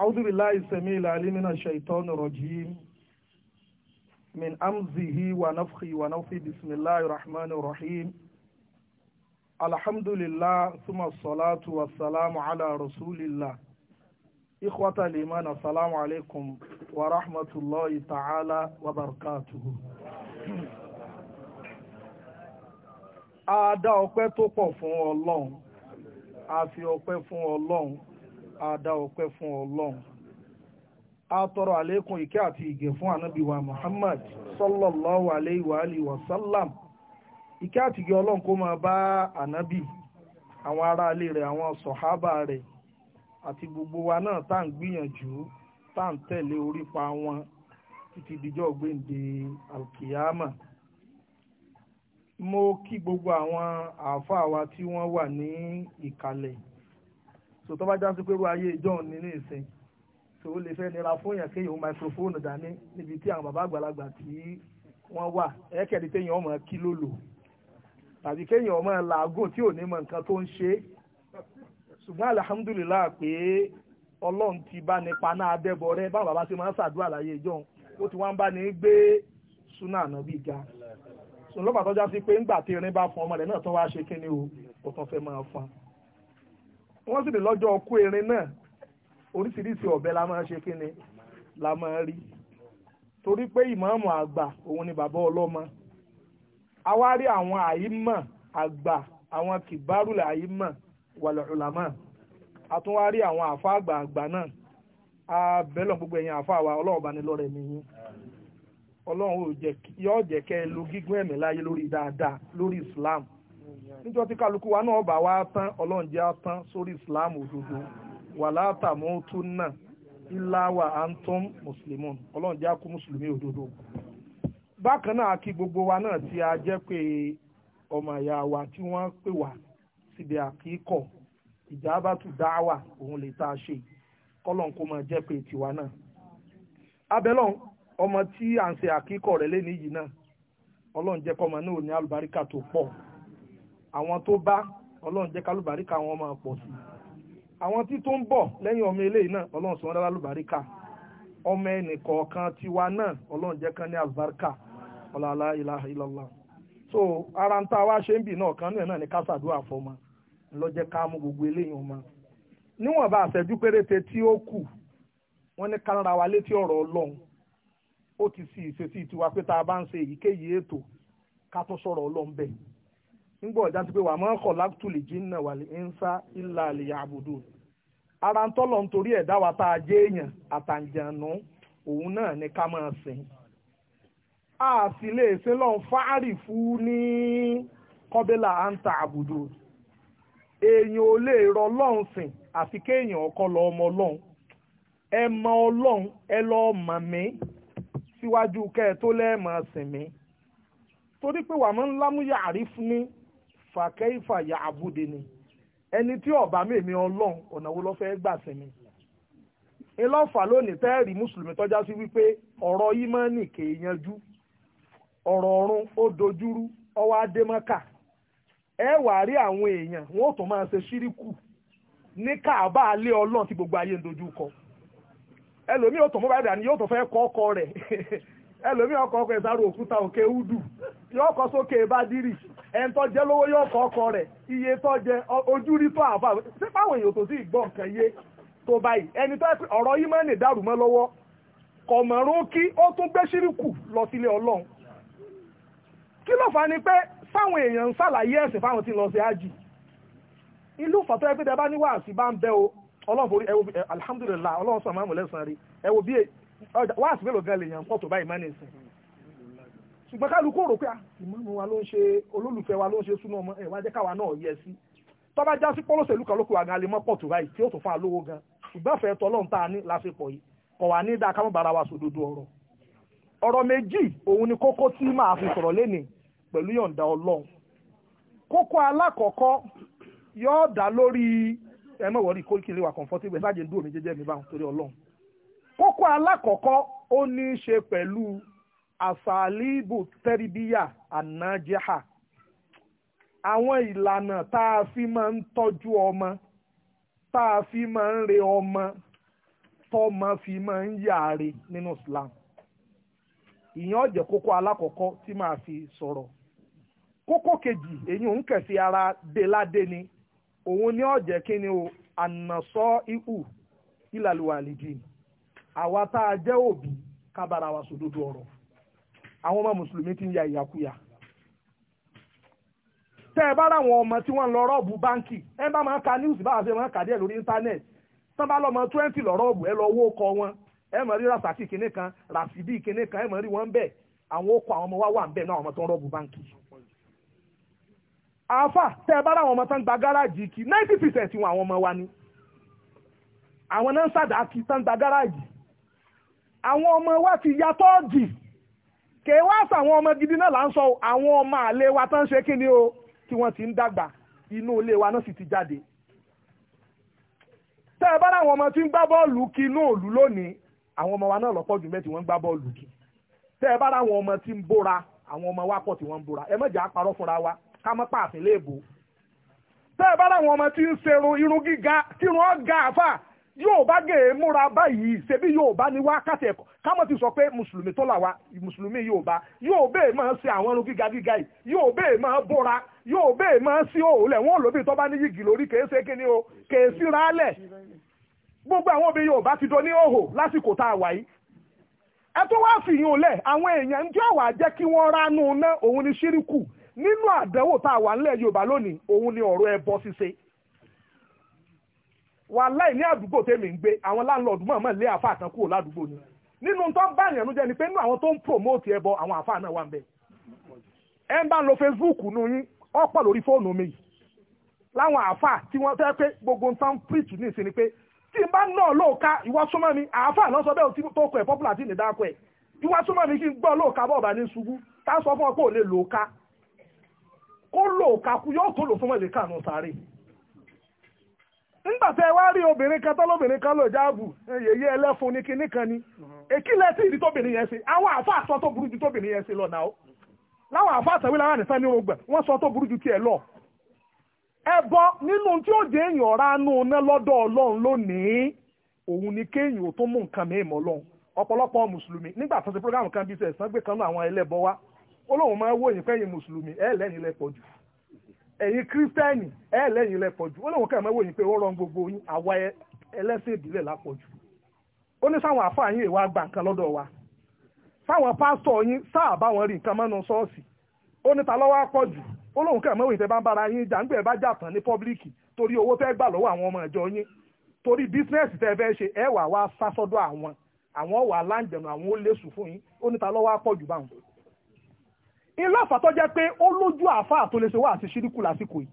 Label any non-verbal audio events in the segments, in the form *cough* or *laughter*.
أعوذ بالله السميع العليم من الشيطان الرجيم من أمزه ونفخه ونفخه بسم الله الرحمن الرحيم الحمد لله ثم الصلاة والسلام على رسول الله إخوة الإيمان السلام عليكم ورحمة الله تعالى وبركاته a dá ọpẹ́ tó pọ̀ fún àdá ọpẹ́ fún ọlọ́run a tọrọ àlékún ìkẹ́ àti ìgẹ̀ fún ànábì wa Muhammad sallallahu alayhi wa alihi wa sallam ìkẹ́ àti ìgẹ̀ ọlọ́run kó máa bá ànábì àwọn aráalé rẹ̀ àwọn sọ̀hábà rẹ̀ àti gbogbo wa náà tá à ń gbìyànjú tá à ń tẹ̀lé orípa wọn títí dijọ́ gbèǹde alkiyama mo kí gbogbo àwọn àáfàá wa tí wọ́n wà ní ìkàlẹ̀ so tó bá já sí pé irú ayé ìjọ́un ní ní ìsìn so ó lè fẹ́ nira fún yàn kéèyàn ó microphone dání níbi tí àwọn bàbá àgbàlagbà tí wọ́n wà ẹ̀ẹ́kẹ̀dí téèyàn ọmọ kí ló lò tàbí kéèyàn ọmọ làágùn tí ò ní mọ nǹkan tó ń ṣe ṣùgbọ́n alihamudulilayi pé ọlọ́run ti bá ní paná abẹ́bọ rẹ báwọn bàbá ṣe máa ń ṣàdúrà láyé ìjọ́un ó ti wá ń bá ní gbé súnà ànábì ga sùn lọ́pàá tọ́já sí pé ńgbà tí irin bá fún ọmọ rẹ̀ náà tó wá ṣe kíni o ó tán fẹ́ máa fún un wọ́n sì ní lọ́jọ́ ọkú erin náà oríṣiríṣi ọ̀bẹ la máa ṣe kíni la máa rí torí pé ìmáàmù àgbà òun ni bàbá ọlọ́mọ àwa rí àwọn àyímọ̀ àgbà àwọn kìbárùlẹ̀ àyímọ̀ a ọ̀làmà àtúnwá rí àwọn àfa àgbà àgbà náà abẹ́lọ̀ gbogbo ẹ̀yin àfa àwa ọlọ́run bá ní lọ́rẹ̀ mi yín ọlọ́run yóò jẹ́ kẹ́ ẹ lu gígùn ẹ̀mí láyé lórí dáadáa lórí Islam níjọ́ tí kálukú wa náà bá wá tán ọlọ́run tán sórí islam òdodo wà látàmú tún náà ìlàwà antum muslimun ọlọ́run jẹ́ á kú mùsùlùmí òdodo. bákan náà kí gbogbo wa náà tí a jẹ́ pé ọmọ ìyá wa tí wọ́n pè wá síbi àkíkọ̀ ìjábàtú dáwà òun lè tá a ṣe kọ́lọ́n kó máa jẹ́ pé tiwa náà. abẹ́lọ́n ọmọ tí à ń ṣe àkíkọ̀ rẹ̀ lé níyì náà ọlọ́run jẹ́ kọ́mọ náà ní àlùbáríkà tó pọ̀ àwọn tó bá ọlọ́run jẹ́ kálùbáríkà wọn máa pọ̀ sí àwọn tí tó ń bọ̀ lẹ́yìn ọmọ eléyìí náà ọlọ́run sọ wọn lùbáríkà ọmọ ẹnìkọ̀ọ̀kan tiwa náà ọlọ́run jẹ́ kán ní àlùbáríkà ọ̀làlá ilaha so ara ń tá wá ṣe ń bì náà kan náà ní kásàdúrà ká mú gbogbo eléyìí ọmọ níwọ̀n bá àṣẹjú péréte tí ó kù ní wa ti sì ìṣesí tiwa pé tá a bá ń ṣe èyíkéyìí ètò nígbà ọ̀já sí pé wà máa ń kọ̀ láktùlì jìnnà wà lè ń sá ìlà àlè àbùdù ara ń tọ́lọ̀ nítorí ẹ̀dá wa tá a jẹ́ èèyàn àtàǹjànú òun náà ni ká máa sìn a sì lè ṣe lọ́n fáàrì fún ní kọ́bílà à ń ta àbùdù èèyàn ò lè rọ ọlọ́run sìn àfi kéèyàn ọkọ lọ ọmọ ọlọ́run ẹ mọ ọlọ́run ẹ lọ́ọ́ mọ̀ mí síwájú kẹ́ ẹ tó lẹ́ẹ̀mọ̀ sìn mí torí pé wàá mọ́ ńlá mú yàrá fún fàkẹ́ìfà yà àbúdé ni ẹni tí ọba mèmí ọlọ́run ọ̀nà wo ló fẹ́ gbà sí mi ńlọ́fà lónìí tẹ́ẹ̀rí mùsùlùmí tọ́já sí wípé ọ̀rọ̀ ìmánì kèé yanjú ọ̀rọ̀ ọ̀run ó dojúrú ọwọ́ adémọ́kà ẹ wà rí àwọn èèyàn wọn ò tún máa ṣe ṣíríkù ní káàbà alẹ́ ọlọ́run tí gbogbo ayé ń dojú kọ ẹlòmíì ò tún mọ́ báyìí dání yóò tún fẹ́ kọ́ ọkọ rẹ̀ *laughs* ẹlòmí ọkọ̀ ọkọ̀ ìsàrò òkúta òkè údù yóò kọ sókè bádìrì ẹn tó jẹ lówó yóò kọ ọkọ rẹ̀ iye tó jẹ ojú rí tó àbá sí páwọn èèyàn tó sì gbọ́ nǹkan yé tó báyìí ẹni tó ọ̀rọ̀ yìí máa ń lè dàrú mọ́ lọ́wọ́ kọ̀mọ̀rún kí ó tún gbé ṣíríkù lọ sílé ọlọ́run kí ló fà ni pé fáwọn èèyàn ń ṣàlàyé ẹ̀sìn fáwọn tí ń lọ sí ájì ìlú fàtọ́ ẹgbẹ́ tẹ bá níwáàsí bá ń bẹ́ o ọlọ́run forí alhamdulillah ọlọ́run sọ wá àsìkò mélòó gan lèèyàn pọ̀ tó báyìí máa ní ìsìn ṣùgbọ́n kálukú rò pé ah, ìmọ̀mù wa ló ń ṣe olólùfẹ́ wa ló ń ṣe súná ọmọ ẹ̀ wá jẹ́ káwa náà yẹ sí tọ́ba já sí pọ́lọ́sẹ̀lú kan lókè wa gan alẹ́ mọ́ pọ̀ tó báyìí tí ó tún fún alówó gan ṣùgbọ́n fẹ́ tọ́lọ́run tá a ní lásìkò yìí kọ̀ wá ní dáa ká mọ́ wa sòdodo ọ̀rọ̀ ọ̀rọ̀ méjì òun ni kókó tí máa fi sọ̀rọ̀ lénìí pẹ̀lú yọ̀ǹda comfortable ẹ̀ sáàjì mi jẹ́jẹ́ mi báwọn torí ọlọ́run kókó alákọ̀ọ́kọ́ ó ní í ṣe pẹ̀lú àṣàlíbù tẹ́rìbíyà ànájẹ́hà àwọn ìlànà tá a fi máa ń tọ́jú ọmọ tá a fi máa ń re ọmọ tọ́mọ fi máa ń yàre nínú Islam ìyẹn ó kókó alákọ̀ọ́kọ́ tí màá fi sọ̀rọ̀ kókó kejì èyí òun kẹ̀sí ara déládé ni òun ni ó kí ni o ànàsọ́ ihu ìlàlùwàlìdì. So àwa tá a jẹ́ òbí ká wa sòdodo ọ̀rọ̀ àwọn ọmọ mùsùlùmí ti ń ya ìyàkuyà tẹ́ ẹ bá ráwọn ọmọ tí lọ rọ́ọ̀bù báńkì ẹ bá máa ka news bá àṣẹ máa kàdé ẹ̀ lórí íńtánẹ́ẹ̀tì tán bá lọ́mọ twenty lọ ẹ lọ kọ wọn ẹ mọ̀ rí rasaki kan rasidi kìnní kan ẹ mọ̀ rí wọn bẹ́ẹ̀ àwọn kọ àwọn ọmọ wa wà náà tó ń rọ́ọ̀bù báńkì ẹ bá wa ni àwọn náà ń sàdá kí àwọn ọmọ wa ti ya tọ́ọ̀dì kèé wá sàwọn ọmọ gidi náà là ń sọ àwọn ọmọ àlè wa tán ṣe kíni o tí wọ́n ti ń dàgbà inú ilé wa náà sì ti jáde tẹ́ ẹ bá láwọn ọmọ tí ń gbá bọ́ọ̀lù kí inú òlù lónìí àwọn ọmọ wa náà lọ́pọ̀ jù mẹ́ tí wọ́n ń gbá bọ́ọ̀lù kí tẹ́ ẹ bá láwọn ọmọ tí ń bóra àwọn ọmọ wa pọ̀ tí wọ́n ń bóra ẹ mọ̀jà parọ́ fúnra wa ká mọ́ pààfin léèbó tẹ́ ẹ bá láwọn ọmọ tí ń serun irun gíga tí wọ́n àfà Yorùbá gèè e múra báyìí ṣebí Yorùbá ni wá kásẹ̀ ẹ̀kọ́ kámọ́ ti sọ pé mùsùlùmí tó là wá mùsùlùmí Yorùbá Yorùbá èèmọ̀ ṣe àwọn irun gíga gíga yìí Yorùbá èèmọ̀ bóra Yorùbá èèmọ̀ sí òòlẹ̀ wọn lóbi tó bá ní yìgì lórí kèé ṣe kíni o kèé lẹ̀ gbogbo àwọn obìnrin Yorùbá ti do ní òhò lásìkò tá yìí ẹ tó wàláì ní àdúgbò tèmi ń gbé àwọn láńlọ́ọ̀dù mọ̀ọ́mọ̀ lé àfa àtàkù ò ládùúgbò ni nínú tó ń bá ìyànú jẹ́ ni pé nínú àwọn tó ń promote ẹbọ àwọn àfa náà wà ń bẹ ẹ ń bá ń lo Facebook nu yín ọ̀pọ̀ lórí fóònù mi yìí láwọn àfa tí wọ́n fẹ́ pé gbogbo nǹkan preach ní ìsinmi pé tí n bá náà lóòka ìwọ súnmọ́ mi àfa náà sọ bẹ́ẹ̀ tó kọ ẹ̀ popular tí ní dákọ ẹ̀ ìwọ súnmọ́ mi kí n gbọ́ lóòka bọ́ọ̀ bá ní ṣubú tá a sọ fún ọ pé ò lè lóòka kó lóòka kú yóò tó lò fún ẹ̀ lè kà sáré nígbà tẹ́ wá rí obìnrin kan tọ́lọ́bìnrin kan lò jáàbù yèyé ẹlẹ́fun ní kinní kan ni èkìlẹ̀ tí ìdí tóbìnrin yẹn ṣe àwọn àáfàá sọ tó burú ju tóbìnrin yẹn ṣe lọ náà láwọn àáfàá tẹ̀wé láwọn àdìsá ní ogbà wọ́n sọ tó burú ju tiẹ̀ lọ. ẹbọ nínú tí ó jẹ èèyàn ránú ná lọ́dọ̀ ọlọ́run lónìí òun ni kéèyàn tó mú nǹkan mìíràn ọ̀pọ̀lọpọ̀ mùsùlùmí ẹ̀yin kírísítẹ́nì ẹ̀ lẹ́yìn lẹ́pọ̀jù ó lóun kẹ́mọ́ wòyìn pé ó rán gbogbo yín àwa ẹlẹ́sìn ìbílẹ̀ lápọ̀jù ó ní sáwọn afọ yín ìwà àgbà nǹkan lọ́dọ̀ wa sáwọn pásítọ̀ yín sáà bá wọn rí nǹkan mọ́nu ṣọ́ọ̀ṣì ó ní ta lọ́wọ́ àpọ̀jù ó lóun tẹ́ bá ń bára yín jà bá jà tán ní torí owó gbà lọ́wọ́ àwọn ọmọ ilé àfà tó jẹ́ pé ó lójú àfà tó lè ṣe wá àti ṣíríkù lásìkò yìí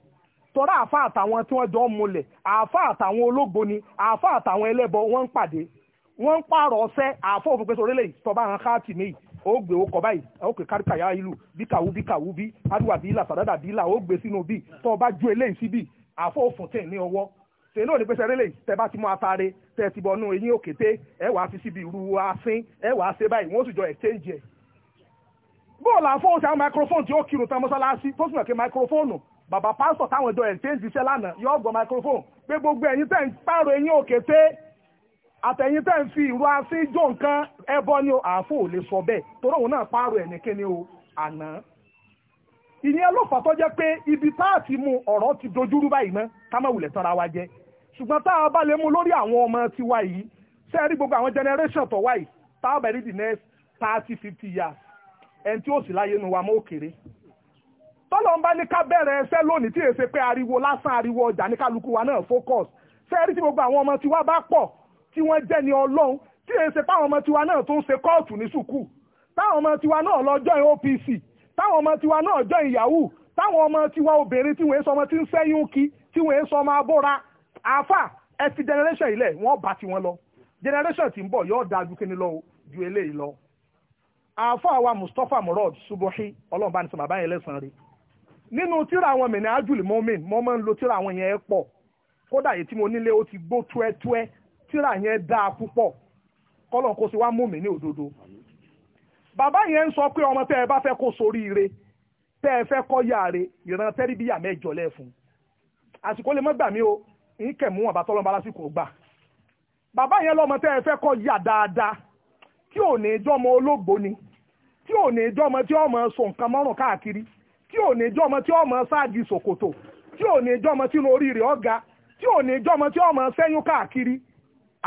tọ́ra àfà àtàwọn tí wọ́n jọ ń múlẹ̀ àfà àtàwọn ológbò ni àfà àtàwọn ẹlẹ́bọ wọ́n ń pàdé wọ́n ń pààrọ̀ ọ̀sẹ́ àfà òfin pé sọ̀rọ̀ lẹ́yìn tọ́ba àwọn káàtì mi ó gbé ó kọ báyìí ó kè káríkàyà ìlú bíkàwú bíkàwú bí adúwà bí ilà sàdádà bí ilà ó gbé sínú bí tọ́ba ju eléyìí síbí àfà òfin tẹ̀ ní ọwọ́ tẹ̀lé òní pẹ́sẹ̀ rẹ́lẹ̀ tẹ bá ti mú atare tẹ ti bọ̀ nù eyín òkété ẹ wàá fi síbi ìrù asín ẹ wàá ṣe báyìí wọ́n sì jọ bóòlù àfọwọ́ sí àwọn microphone tí ó kírun tán mọ́sálásí tó sì mọ̀ pé microphone bàbá pásítọ̀ táwọn ẹ̀dọ́ ẹ̀ ń tẹ́ǹtì iṣẹ́ lánàá yọ ọgbọ̀n microphone pé gbogbo ẹ̀yin tẹ́ ń pààrọ̀ eyín òkété àtẹ̀yin tẹ́ ń fi ìró asín jó nǹkan ẹbọ ni àáfò ò lè sọ bẹ́ẹ̀ torí òun náà pààrọ̀ ẹ̀ nìkíni o àná. ìyẹn ló fà tó jẹ́ pé ibi tá a ti mú ọ̀rọ̀ ti dojúrú báyìí mọ́ ká má wulẹ̀ tọ́ra wa jẹ́ ṣùgbọ́n tá a bá lè mú lórí àwọn ọmọ tiwa yìí sẹ́ẹ̀rí gbogbo àwọn generation tó wáyìí tá a bẹ̀rẹ̀ the next thirty fifty years ẹni tí ó sì láyé nu wa mọ́ òkèrè tọ́lọ̀ ń bá ní ká bẹ̀rẹ̀ ẹsẹ́ lónìí tí èsè pé ariwo lásán ariwo ọjà ní kálukú wa náà focus fẹ́ẹ́ rí tí gbogbo àwọn ọmọ tiwa bá pọ̀ tí wọ́n jẹ́ ni ọlọ́run tí èsè táwọn ọmọ tiwa náà tó ń ṣe kóòtù ní sùkú táwọn ọmọ tiwa náà lọ join OPC táwọn ọmọ tiwa náà join Yahoo táwọn ọmọ tiwa obìnrin tí wọ́n sọ ọmọ tí ń sẹ́yìn kí tí wọ́n sọ ọmọ abóra àáfà ẹ generation ilẹ̀ wọ́n bá tiwọn lọ generation ti ń bọ̀ yóò dáa ju kíni lọ ju eléyìí lọ àáfàá wa Mustapha Murad Subuhi ọlọ́run bá ní sọ bàbá yẹn lẹ́sàn-án rí nínú tíra àwọn mìíràn ajuli momin mo máa ń lo tíra àwọn yẹn pọ̀ kódà èyí tí mo nílé ó ti gbó túẹ́túẹ́ tíra yẹn dáa púpọ̀ kọ́lọ́n kó sì wá mú mi ní òdodo bàbá yẹn ń sọ pé ọmọ tẹ́ ẹ bá fẹ́ kó soríire tẹ́ ẹ fẹ́ kọ́ yáre ìran tẹ́ríbíyà mẹ́jọ lẹ́fun àsìkò lè mọ́ gbà mí o ń kẹ̀ tí ò ní ijọ́ ọmọ olóògbó ni tí ò ní ijọ́ ọmọ tí ọmọ sọ nǹkan mọ́rùn káàkiri tí ò ní ijọ́ ọmọ tí ọmọ sáàdì ṣòkòtò tí ò ní ijọ́ ọmọ tí orí rẹ̀ ọ̀gá tí ò ní ijọ́ ọmọ tí ọmọ sẹ́yún káàkiri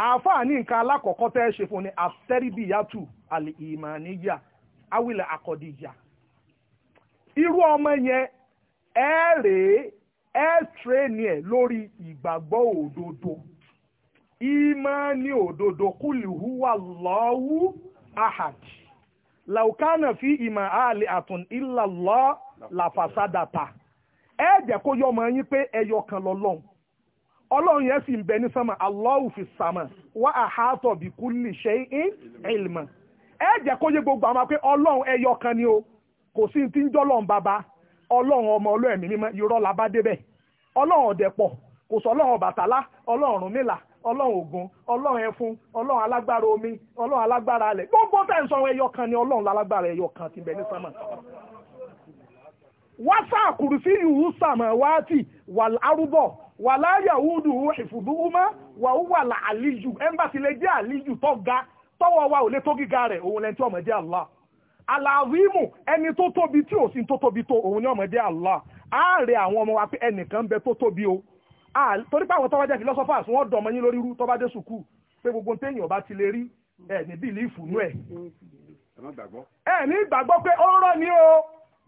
àáfàá nǹkan alákọ̀ọ́kọ́ tẹ́ ẹ ṣe fún ni àtẹ́rìbìyàtù àlè ìmàníyà awilẹ̀ irú ọmọ yẹn ẹ rèé ẹ ìmánì òdodo kúlì húwà lọ́wú ahad laukana fi ìmọ̀ àlè àtùn ìlà lọ làfàsádàtà ẹ jẹ́ kó yọ yín pé ẹyọ kan lọ́lọ́run ọlọ́run yẹn sì ń bẹ ní fi sama wa ahatọ bi kúlì ṣe ń ìlmà ẹ gbogbo àwọn pé o kò sí ti ń ọmọ kò sọ ọlọ́run ògùn ọlọ́run ẹfun ọlọ́run alágbára omi ọlọ́run alágbára alẹ̀ gbogbo tẹ̀ ń sọ ẹyọ kan ni ọlọ́run alágbára ẹyọ kan ti bẹ ní sámà wásà kùrùsí ìhù sàmà wáàtì wà lárúbọ wà láyà wúdù ìfùdúwúmá wà wúwà là àlíjù ẹmbàsí lè jẹ àlíjù tó ga tọwọ́ wa ò lè tó gíga rẹ̀ òun lẹni tí ọmọ jẹ Allah aláwímù ẹni tó tóbi tí ò sí tó tóbi tó òun ni ọmọ jẹ Allah ààrẹ àwọn ọmọ wa pé ẹnìkan bẹ tó tóbi o Ah, torí pé àwọn tọ́wájẹ́ philosophers wọ́n dọ̀mọ́ yín lórí irú tọ́ba dé sùkúù pé gbogbo téèyàn ọba ti lè rí ẹ ní bìlífù nú ẹ. ẹ ní pé ó ni o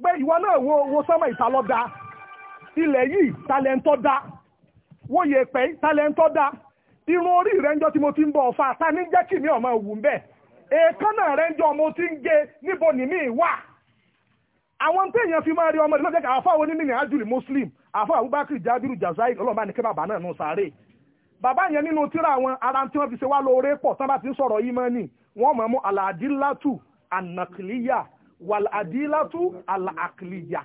pé ìwọ náà wo wo sọ́mọ̀ ìtalọ́dà ilẹ̀ yìí talẹ́ńtọ́ da yẹ pẹ́ talẹ́ńtọ́ da irun orí rẹ̀ ń tí mo ti ń bọ̀ ọ̀fà ta ní ọ̀mọ òwú ń bẹ̀ èékánná rẹ̀ ń mo ti ń àfọ àbúbákìrì jábìrì jazair ọlọ́mọba ní kí bàbá náà nù sáré bàbá yẹn nínú tíra àwọn ara tí wọ́n fi ṣe wá lóore pọ̀ tán bá ti ń sọ̀rọ̀ yìí mọ́ ni wọ́n mọ̀ mú aladilatu anakiliya waladilatu alakiliya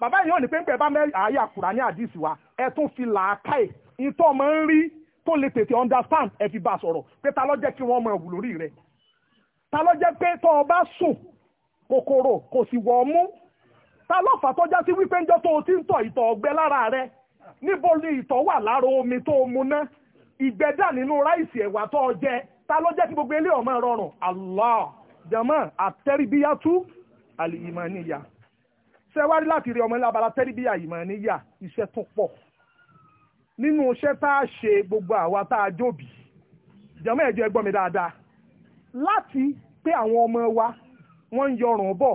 bàbá yẹn ò ní pẹ́ńpẹ́ bá mẹ́rin àyà kùrà ní àdìsí wa ẹ tún fi làákàyè ìtọ́ mọ̀ ń rí tó lè tètè understand ẹ fi bá a sọ̀rọ̀ pé ta ló jẹ́ kí wọ́n mọ̀ ẹ̀wù lórí ta ló jẹ́ pé tọ́ ọ bá sùn kòkòrò kò sì wọ̀ ọ́ mú ta lọ́fà tó já sí wípé ńjọ́ tó o ti ń tọ̀ ìtọ̀ ọ̀gbẹ́ lára rẹ níbo ni ìtọ̀ wà lára omi tó o mu ná ìgbẹ́ dà nínú ráìsì ẹ̀wà tó o jẹ ta ló jẹ́ kí gbogbo ilé ọmọ rọrùn Allah jama àtẹ́rìbíyàtú àlìyìmọ̀níyà ṣẹ́wárí láti rí ọmọ ìlàbàlá tẹ́rìbíyà ìmọ̀níyà iṣẹ́ tó pọ̀ nínú iṣẹ́ tá a ṣe gbogbo àwa tá a jóbi jama ẹ̀jọ̀ ẹgbọ́n mi dáadáa láti pé àwọn ọmọ wa wọ́n ń yọrùn bọ̀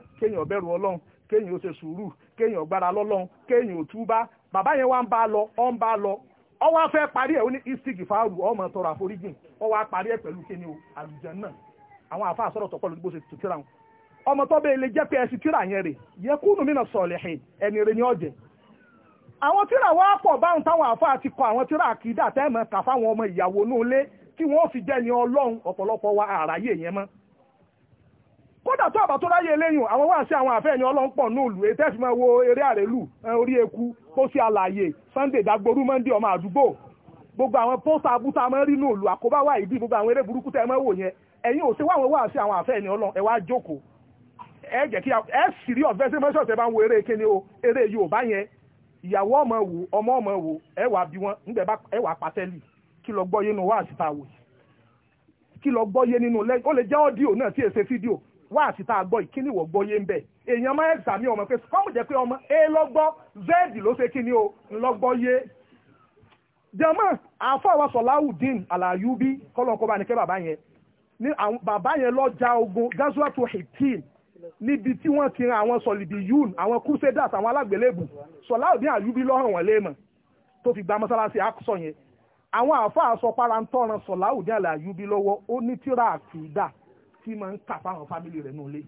kéèyàn bẹ̀rù ọlọ́run kéèyàn ó ṣe sùúrù kéèyàn gbára lọ́lọ́run kéèyàn ó túbá bàbá yẹn wá lọ ọ ń bá lọ ọ wá fẹ́ parí ẹ̀ ó ní istigi ọmọ tọrọ àforíjìn ọ wá parí ẹ̀ pẹ̀lú kíni o àlùjánnà àwọn àfa àsọ̀rọ̀ tọ̀pọ̀ lórí bó ṣe wọn ọmọ tó bẹ́ẹ̀ lè jẹ́ yẹn rè yẹ kúnnù mí náà sọ̀lẹ̀ kódà tó àbá tó ráyè eléyìn àwọn wá sí àwọn àfẹ́yìn ọlọ́pọ̀ ní ètẹ́ fi máa wo eré àrélù eh, orí eku kó sí àlàyé Sunday dagboru Monday ọmọ àdúgbò gbogbo àwọn pósítà abúta máa rí nùlù àkóbá wà gbogbo àwọn eré burúkú tẹ́ máa wò yẹn ò sí wá sí àwọn ọlọ́ wá jókòó ẹ jẹ́ kí ẹ sì rí ọ̀fẹ́ tẹ́ bá ń wo wá àti tá a gbọ́ ìkíni wọ̀ gbọ́ yé ń bẹ̀ èèyàn máa ń sàmì ọmọ pé kọ́mù jẹ́ pé ọmọ a lọ́gbọ́ z ló ṣe kíni o ńlọ́gbọ́ yé jẹ́mọ́ àfọwọ́ sọ̀láhùdín àlàyúbí kọ́lọ́kọ́ bá ní kẹ́ bàbá yẹn ní bàbá yẹn lọ ja ogun gazuwatu hitin níbi tí wọ́n ti ran àwọn sọ̀lìbì yún àwọn crusaders àwọn alágbélébù sọ̀láhùdín àyúbí lọ́rùn wọn léèmọ̀ tó àlàyúbí lọ́wọ́ ó ní tíra àkìdá tí máa ń kà fáwọn fámìlì rẹ̀ nù lé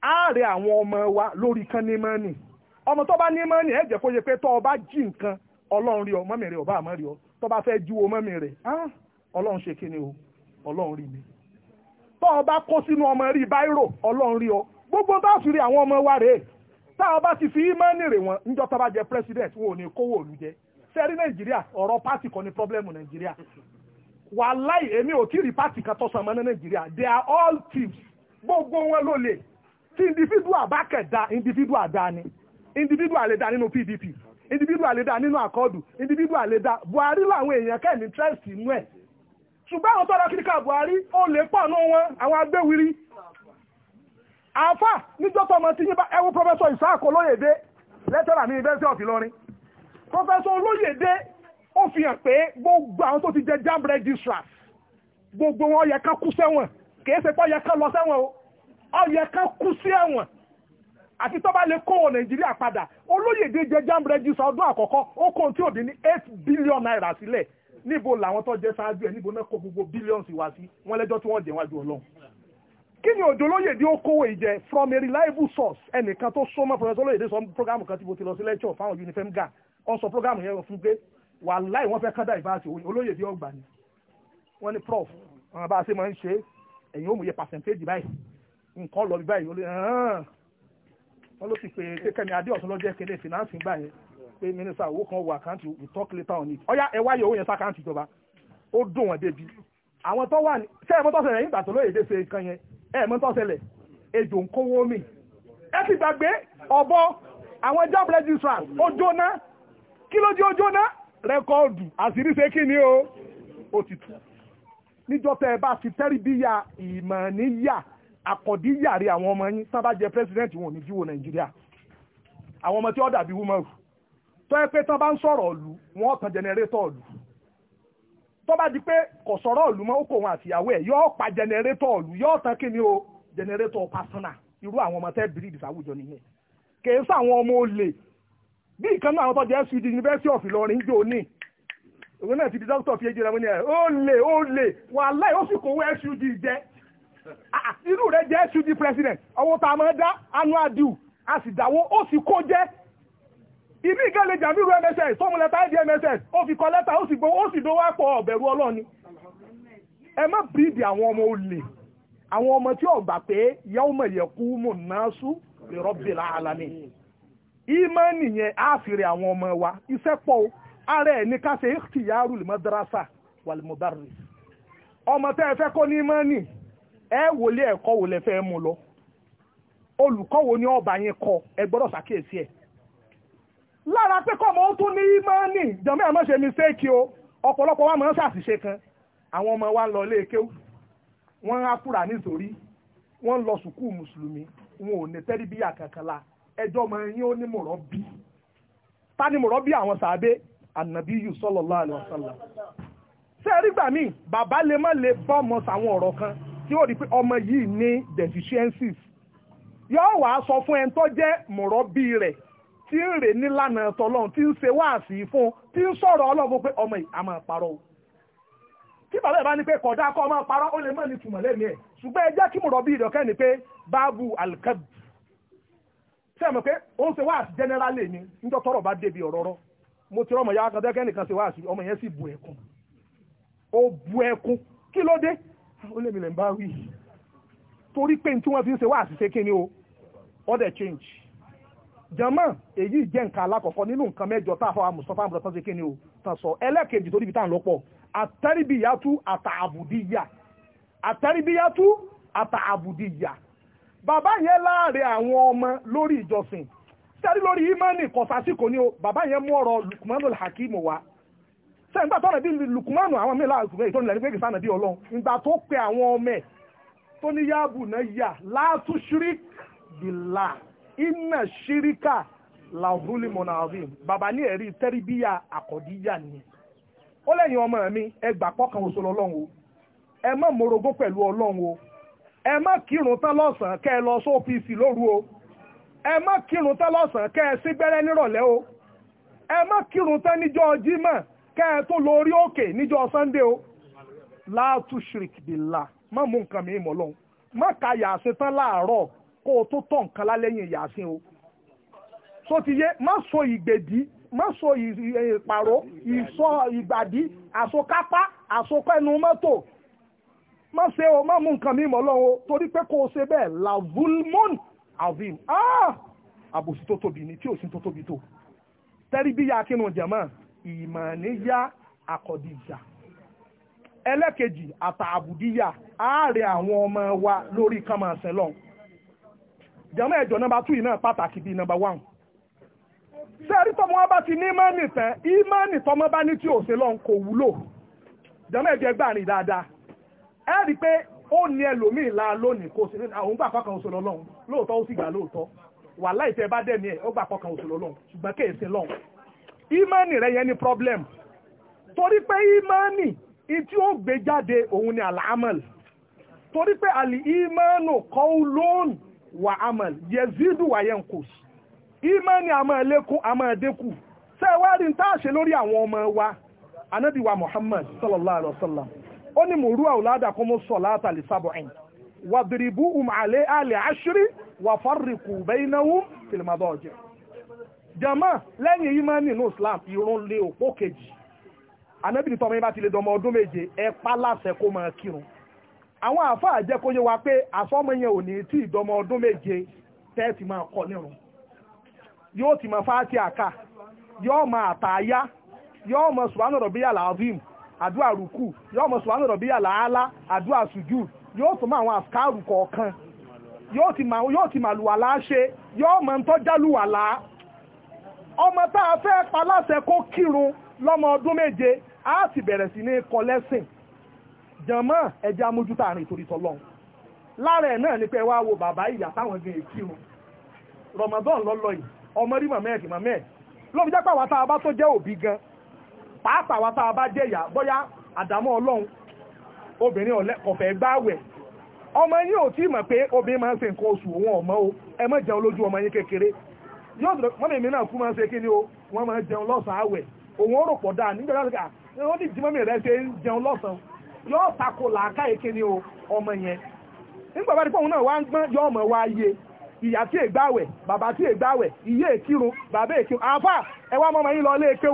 ààrẹ àwọn ọmọ wa lórí kan ní mọ́nì ọmọ tó bá ní mọ́nì ẹ jẹ́ kó yẹ pé tó o bá jí nǹkan ọlọ́run rí ọ mọ́mì rẹ̀ ọba àmọ́ rí ọ tó bá fẹ́ ju o mọ́mì rẹ̀ ọlọ́run ṣe kí ni o ọlọ́run rí mi tó o kó sínú ọmọ rí báírò ọlọ́run rí ọ gbogbo bá sì rí àwọn ọmọ wa rèé tá a bá ti fi mọ́nì rè wọ́n níjọ́ tó bá jẹ president wọn ò ní kówó òlu jẹ sẹ́rí nàìjíríà ọ̀rọ̀ pátì kan ní pọ́blẹ́mù nàìjíríà wàláì èmi ò tí ì rí pàtì kan tó sànmọ́ ní nàìjíríà they are all thieves gbogbo wọn ló lè tí individual bá kẹ̀dá individual dá ni individual lè dá nínú PDP individual lè dá nínú àkọọ́dù individual lè dá Buhari làwọn èèyàn kẹ́ ní trust inú ẹ̀ ṣùgbọ́n àwọn tọ́lọ kíríkà Buhari ó lè pọ̀ nú wọn àwọn agbéwiri àáfà níjọ́ tọmọ tí yín bá ẹ wo professor Isaac Olóyèdé lẹ́tọ́rà ní University of Ìlọrin professor Olóyèdé ó fi hàn pé gbogbo àwọn tó ti jẹ JAMB registrars gbogbo wọn yẹ ká kú sẹ́wọ̀n kìí ṣe pé ó yẹ ká lọ sẹ́wọ̀n o ó yẹ ká kú sí ẹ̀wọ̀n àti tó bá lè kó wọn nàìjíríà padà olóyèdè jẹ JAMB registrars ọdún àkọ́kọ́ ó kó tí ò dín ní eight billion naira sílẹ̀ níbo làwọn tó jẹ ṣáájú ẹ̀ níbo náà kó gbogbo billions wá sí wọn lẹ́jọ́ tí wọ́n jẹ wájú ọlọ́run kí ni òjò lóyèdè okòwò ìjẹ from a reliable source ẹnìkan tó sọmọ professor lóyèdè sọ program kan tí mo ti lọ sí lecture fáwọn unifem ga ọ sọ program yẹn fún pé wàláì wọ́n fẹ́ kádà ìbáṣe òyìn olóyè bí ọgbà ni wọ́n ní prof àwọn bá a ṣe máa ń ṣe ẹ̀yìn òmùyẹ pàṣẹ́ntéèjì báyìí nǹkan lọ bí báyìí wọ́n ló sì pé kékeré adéọ̀sán lọ́jọ́ kéde finance gbà yẹn pé mínísítà owó kan wọ àkáǹtì we talk later on it ọ̀yá ẹ wáyé owó yẹn sákáǹtì ìjọba ó dùn wọ́n débi àwọn tó wà ní ṣé ẹ̀mọ́ tó ṣẹlẹ̀ nígbà tó lóye dé ṣe nǹkan yẹn ẹ̀mọ́ tó ṣẹlẹ̀ ejò ń kówó mi ẹ ti gbàgbé ọ̀bọ àwọn job registrar ó jóná kí ló dé ó jóná rẹ́kọ́ọ̀dù àṣírí ṣe kí ni o ó ti tú níjọ́ tẹ́ ẹ bá ti tẹ́rí bíyà ìmọ̀níyà àkọ́díyà rí àwọn ọmọ yín sábà jẹ president wọn ò ní jíwò nàìjíríà àwọn ọmọ tí ó dàbí wúmọ̀rù tọ́ ẹ pé tán bá ń sọ̀rọ̀ ọ̀lù wọn tan jẹnẹrétọ̀ ọ̀lù tó bá di pé kò sọ̀rọ̀ ọ̀lù mọ́ ó kò wọn àtìyàwó ẹ̀ yóò pa jẹnẹrétọ̀ ọ̀lù yóò tan kí ni o jẹnẹrétọ̀ pásánà irú àwọn ọmọ tẹ́ bìrìdì sáwùjọ nìyẹn kèé sọ ọmọ olè bí ìkan náà àwọn tó jẹ́ SUD University of Ìlọrin jò ní òwe náà ti di dókítà fi ejò rẹ̀ ní ẹ̀ ó lè ó lè wàhálà jẹ́ ah, ah, irú rẹ̀ jẹ́ president ọwọ́ tá a máa dá annual due a kó jẹ́ ibi ìkan lè MSS fi lẹ́tà ó sì gbowó ó sì dówó àpò ọ̀bẹ̀rù ọlọ́ni ẹ má àwọn ọmọ olè àwọn ìmánì yẹn á fèrè àwọn ọmọ wa iṣẹ́ pọ̀ o ara ẹ̀ ní ká madrasa ìkìyàrú lùmọ́dárásà wàlùmọ́dárì ọmọ tẹ́ ẹ fẹ́ kó ní ìmánì ẹ wòlé ẹ̀kọ́ wò lọ olùkọ́ wo ni ọba yẹn kọ e gbọ́dọ̀ ṣàkíyèsí ẹ̀ lára pé kọ́ ọmọ ó tún ní ìmánì jọ̀mọ́ ẹ̀ se mistake o opolopo wa sa si se kan awon ọmọ wa ń lọ ilé kéwù wọ́n ń hákúrà lọ sùkúù mùsùlùmí wọn ò kankan la ẹjọ́ mọ ẹyin ó ní mọ̀rọ́ bí ta ni mọ̀rọ́ bí àwọn sàábé ànàbí yù sallallahu alaihi wasallam ṣé ẹ rí gbà míì bàbá lè má lè bọ́ ọmọ sàwọn ọ̀rọ̀ kan tí ó rí pé ọmọ yìí ní deficiencies yóò wá sọ fún ẹni tó jẹ́ mọ̀rọ́ bí rẹ̀ tí ń rè nílànà tọlọ́run tí ń ṣe wáàsí fún tí ń sọ̀rọ̀ ọlọ́run pé ọmọ yìí a máa parọ́ o tí bàbá ìbá ní pé kódà kọ́ ọmọ parọ́ ó lè mọ̀ ní tùmọ̀ lẹ́mìí ẹ̀ ṣùgbọ́n ẹ jẹ́ kí mọ̀rọ̀ bí ìdọ̀kẹ́ ni pé báàbù alkab ṣé ẹ mọ̀ pé ó ń ṣe wáàsí generally ni níjọ́ tọ́rọ̀ bá débi ọ̀rọ̀ rọ́ mo ti rọmọ yàrá kẹtẹ́kẹ́ nìkan ṣe wáàsí ọmọ yẹn sì bu ẹkún ó bu ẹkún kí ló dé ó lè mi lè ń bá wí torí pé tí wọ́n fi ń ṣe wáàsí ṣe kí o order change jama èyí jẹ́ nǹkan alákọ̀ọ́kọ́ nínú nǹkan mẹ́jọ tá a fọwọ́ Mustapha amúlọ tán ṣe kí ni o tán sọ ẹlẹ́ẹ̀kejì torí ibi tá à ń lọ́pọ̀ àtẹ́rìbíyàtú bàbá yẹn láàrin àwọn ọmọ lórí ìjọsìn sẹ́rí lórí imani kọ̀sásìkò ni o bàbá yẹn mú ọ̀rọ̀ Lukmanul Hakim wa sẹ́yìn gbà tọ́nà bí Lukmanu àwọn mẹ́lá àgùnbẹ́ ìtọ́nilẹ̀ ní pẹ́kì sànà bí ọlọ́run ìgbà tó pe àwọn ọmọ ẹ̀ tó ní yáàbù náà yà bìlà iná shirika mọ̀nàrín bàbá ní ẹ̀rí tẹ́ríbíyà àkọ́díyà ni ó lẹ́yìn ọmọ mi oṣù ẹ má kírun tán lọ́sàn-án kẹ́ ẹ lọ sópc lóru o ẹ má kírun tán lọ́sàn-án kẹ́ ẹ sígbẹ́rẹ́ nírọ̀lẹ́ o ẹ má kírun tán níjọ́ jímọ̀ kẹ́ ẹ tó lọ orí òkè níjọ́ sunday o láàtú ṣìrìkì bìlà má mú nǹkan mi mọ́ lọ́hùn má ka yàsìn tán láàárọ̀ kó o tó tọ̀ nǹkan lálẹ́yìn yàsìn o so ti yé má so ìgbèdí má so ìpàrọ̀ ìsọ ìgbàdí àsokápá àsokẹ́nu mọ́tò má ṣe o má mú nǹkan mímọ́ lọ́wọ́ torí pé kò ṣe bẹ́ẹ̀ lavulmon avim ah! àbòsí tó tóbi ni tí òsín tó tóbi tó tẹ́rí bí ya kínú jẹ̀mọ́ ìmọ̀níyá àkọ́díjà ẹlẹ́kejì àtàbùdíyà ààrẹ àwọn ọmọ wa lórí kánmọ̀ sẹ́lọ̀n jẹ̀mọ́ ẹ̀jọ̀ nọmba two náà pàtàkì bíi nọmba one sẹ́rí tọ́mọ wọn bá ti ní ìmọ̀nì tẹ́ ìmọ̀nì tọ́mọ bá ní tí òsín lọ́n kò wúlò jẹ̀mọ́ ẹ̀jẹ̀ gbàrin dáadáa ẹ rí pé ó ní ẹlòmíì la lónìí kó sí àwọn gbà kọkàn oṣù lọ́lọ́run lóòótọ́ ó sì gbà lóòótọ́ wà láì bá dẹ̀mí ẹ̀ ó gbà kọkàn oṣù lọ́lọ́run ṣùgbọ́n kéè sí ìmánì rẹ yẹn ní problem torí pé ìmánì tí ó gbé jáde òun ni àlàámọ̀lì torí pé àlì ìmánù kọ́ wà wà yẹn kò sí ìmánì àmọ́ àmọ́ ó ní mò ń rú àwòládà kó mo sọ látàlí sábọ̀ìn wàdìrìbú um àlẹ́ àlẹ́ àṣírí wà fárìkù bẹ́ẹ̀náwó tìlìmọ́dọ̀ ọ̀jẹ̀ jama lẹ́yìn yìí máa nínú Islam ìrun lé òpó kejì anábìrì tọmọ yín bá ti lè dọmọ ọdún méje ẹ pa láṣẹ kó máa kírun àwọn àáfàá jẹ́ kó yé wa pé àsọmọ yẹn ò ní tí ìdọmọ ọdún méje tẹ́ẹ̀tì máa kọ nírun yóò ti máa fáátì àká yóò máa àtàyá yóò máa subhana rabbiyal azim àdúrà rùkù yóò mọ̀ sùwánù rọ̀bí àlàálá àdúrà sùjù yóò tún máa àwọn àfikárù kọ̀ọ̀kan yóò ti màlúwà láṣe yóò mọ̀ ń tọ́jà lá ọmọ tá a fẹ́ pa láṣẹ kó kírun lọ́mọ ọdún méje á sì bẹ̀rẹ̀ sí ní kọ lẹ́sìn ẹ̀jẹ̀ amójútó lára ẹ̀ náà ni pé wo bàbá ìyá táwọn Ramadan lọ́lọ́ yìí ọmọ rí jápá tá pàápàá wa tá a bá jẹ́ ìyá bóyá àdámọ́ ọlọ́run obìnrin ọ̀lẹ́ kọ̀fẹ́ gbáwẹ̀ ọmọ yín ò tí mọ̀ pé obìnrin máa ń ṣe nǹkan oṣù òun ọmọ, o ẹ má jẹun lójú ọmọ yín kékeré yóò sọ mọ́ mi náà kú máa ń se kí ni o wọ́n máa ń jẹun lọ́sàn-án àwẹ̀ òun ó rò pọ̀ dáa nígbà láti ká wọ́n ti jí mọ́mí rẹ̀ ṣe ń jẹun lọ́sàn-án yóò tako kí ni o ọmọ yẹn nígbà bá dípò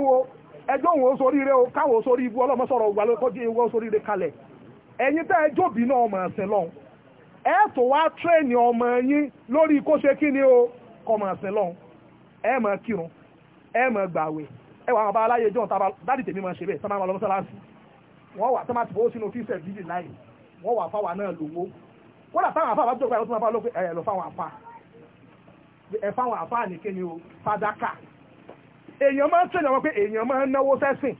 ẹjọ́ òun ó sórí rẹ o káwọn ó sórí ibú ọlọ́mọ sọ̀rọ̀ ògbà ló kọjú ìwọ́ sórí rẹ kalẹ̀ ẹ̀yin tẹ́ ẹjọ́ bí náà ọmọ ẹ̀sìn lọ́hùn ẹ tó wá tírẹ̀nì ọmọ yín lórí kó ṣe kí ni o kọmọ ẹ̀sìn lọ́hùn ẹ máa kírun ẹ máa gbàwẹ̀ ẹ wà wọn bá aláyé jọ tàbá dádì tèmi máa ṣe bẹ́ẹ̀ sábà máa lọ mọ́sálásì wọ́n wà tó máa ti fowó sínú fíṣẹ̀ dídì láì wọ́n wà fáwa náà lówó kódà táwọn èèyàn máa ń tẹ̀lé wọn pé èèyàn máa ń náwó sẹ́sìn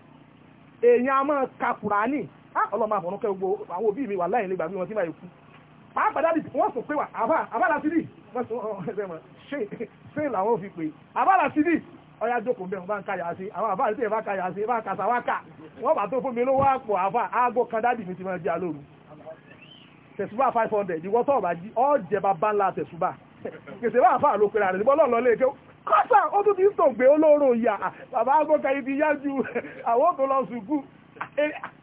èèyàn á máa ka kùránì ọlọ́mọ àfọ̀nù kẹ́ gbogbo àwọn òbí mi wà láyìn lè gbàgbé wọn tí máa kú pàápàá dáàbì wọ́n sọ pé wà àbá àbá làtí dì wọ́n sọ ọ̀rẹ́ mọ̀ ṣé ṣé làwọn fi pè àbá làtí dì ọya jókòó bẹ́ẹ̀ bá ń káyà sí àwọn àbá àti ìbá káyà sí ìbá kàṣà wá kà wọ́n bá tó fún mi lówó àpò àfà aago kan dáàbì mi ti máa jẹ́ alóru tẹ̀sùbà five hundred ìwọ́tọ̀ ọ̀bà jí ọ̀jẹ̀ bá bá ńlá tẹ̀sùbà gbèsè bá àfà àlòkèrè àrẹ̀ kọ́sà ó tún ti ń tò gbé olóró ìyà bàbá agbóka ibi yájú àwọn tó lọ sùkú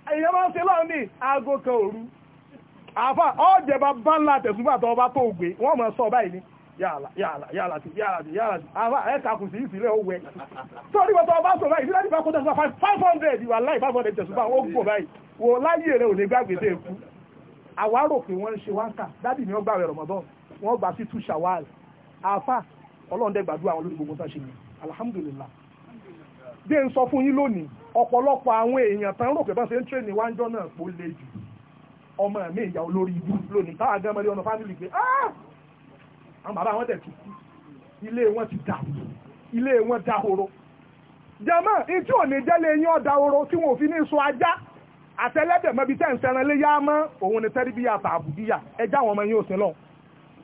èèyàn máa ń ṣe lọ́ọ̀ ní aago kan òru àfà ọ̀jẹ̀bà bá ńlá tẹ̀sùnbà tó ọba tó gbé wọ́n mọ̀ sọ báyìí ní yàlà yàlà yàlà tí yàlà tí yàlà tí àfà ẹ̀ka kù sí ìsìlẹ̀ òwe sórí wọn tó ọba sọ báyìí five hundred wà láì five hundred tẹ̀sùnbà ó kò báyìí wò láyé rẹ̀ ò ní gbàgbé dé ikú àwa rò pé wọ́n ń ni wọ́n gbà rẹ̀ rọ̀mọ́dọ́n wọ́n gbà sí ọlọ́run dẹ́ gbàdúrà àwọn lórí gbogbo tá alhamdulillah bí n sọ fún yín lónìí ọ̀pọ̀lọpọ̀ àwọn èèyàn tán rò pé bá ṣe ń tírè ní wájọ́ náà kó le jù ọmọ mi ìyá olórí ibú lónìí táwọn agámọ́lé ọ̀nà fámìlì pé ah! àwọn bàbá wọn dẹ̀ tù ilé wọn ti dà ilé wọn dahoro jama etí ò ní jẹ́lé yín ọ̀dahoro tí wọn ò fi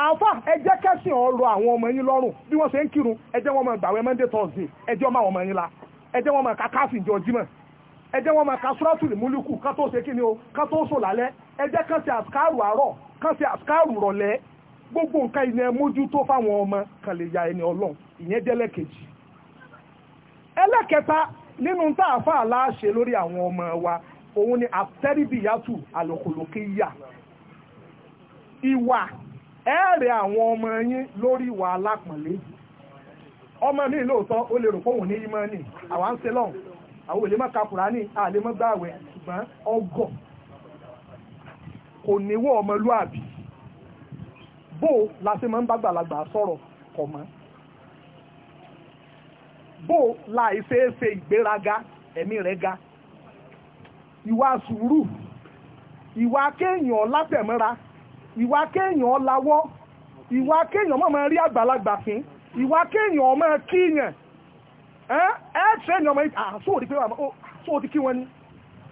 àfà ẹjẹ́ kẹ́sìn ọ̀rọ̀ àwọn ọmọ yín lọ́rùn bí wọ́n ṣe ń kírun ẹjẹ́ wọn máa gbàwẹ̀ monday thursday ẹjẹ́ ọmọ àwọn ọmọ yín la ẹjẹ́ wọn máa ka káàsì ìjọ jímọ̀ ẹjẹ́ wọn ka sùràtùlì múlùkù ká tó ṣe kí ni o ká tó sò lálẹ́ ẹjẹ́ kan ṣe àṣkárù àárọ̀ kan ṣe ọmọ kan lè ya ẹni ọlọ́run ìyẹn nínú ẹ̀rẹ̀ àwọn ọmọ yín lórí ọmọ mi lóòótọ́ ó lè rò fóun ní ìmọ̀ ni àwa ń àwọn olè má ka Kùránì àlè má gbààwẹ̀ ṣùgbọ́n kò níwọ̀ ọmọlúàbí bó la ṣe máa ń sọ̀rọ̀ kọ̀ mọ́ bó la ìṣeéṣe ìgbéraga ẹ̀mí rẹ̀ ga ìwà sùúrù ìwà kéèyàn ìwà kéèyàn lawọ́ ìwà kéèyàn má máa rí àgbàlagbà fín ìwà kéèyàn má kíyàn ẹ tẹ́ èèyàn mọ́ àṣọ òdí ah, pé àṣọ òdí kí wọ́n ní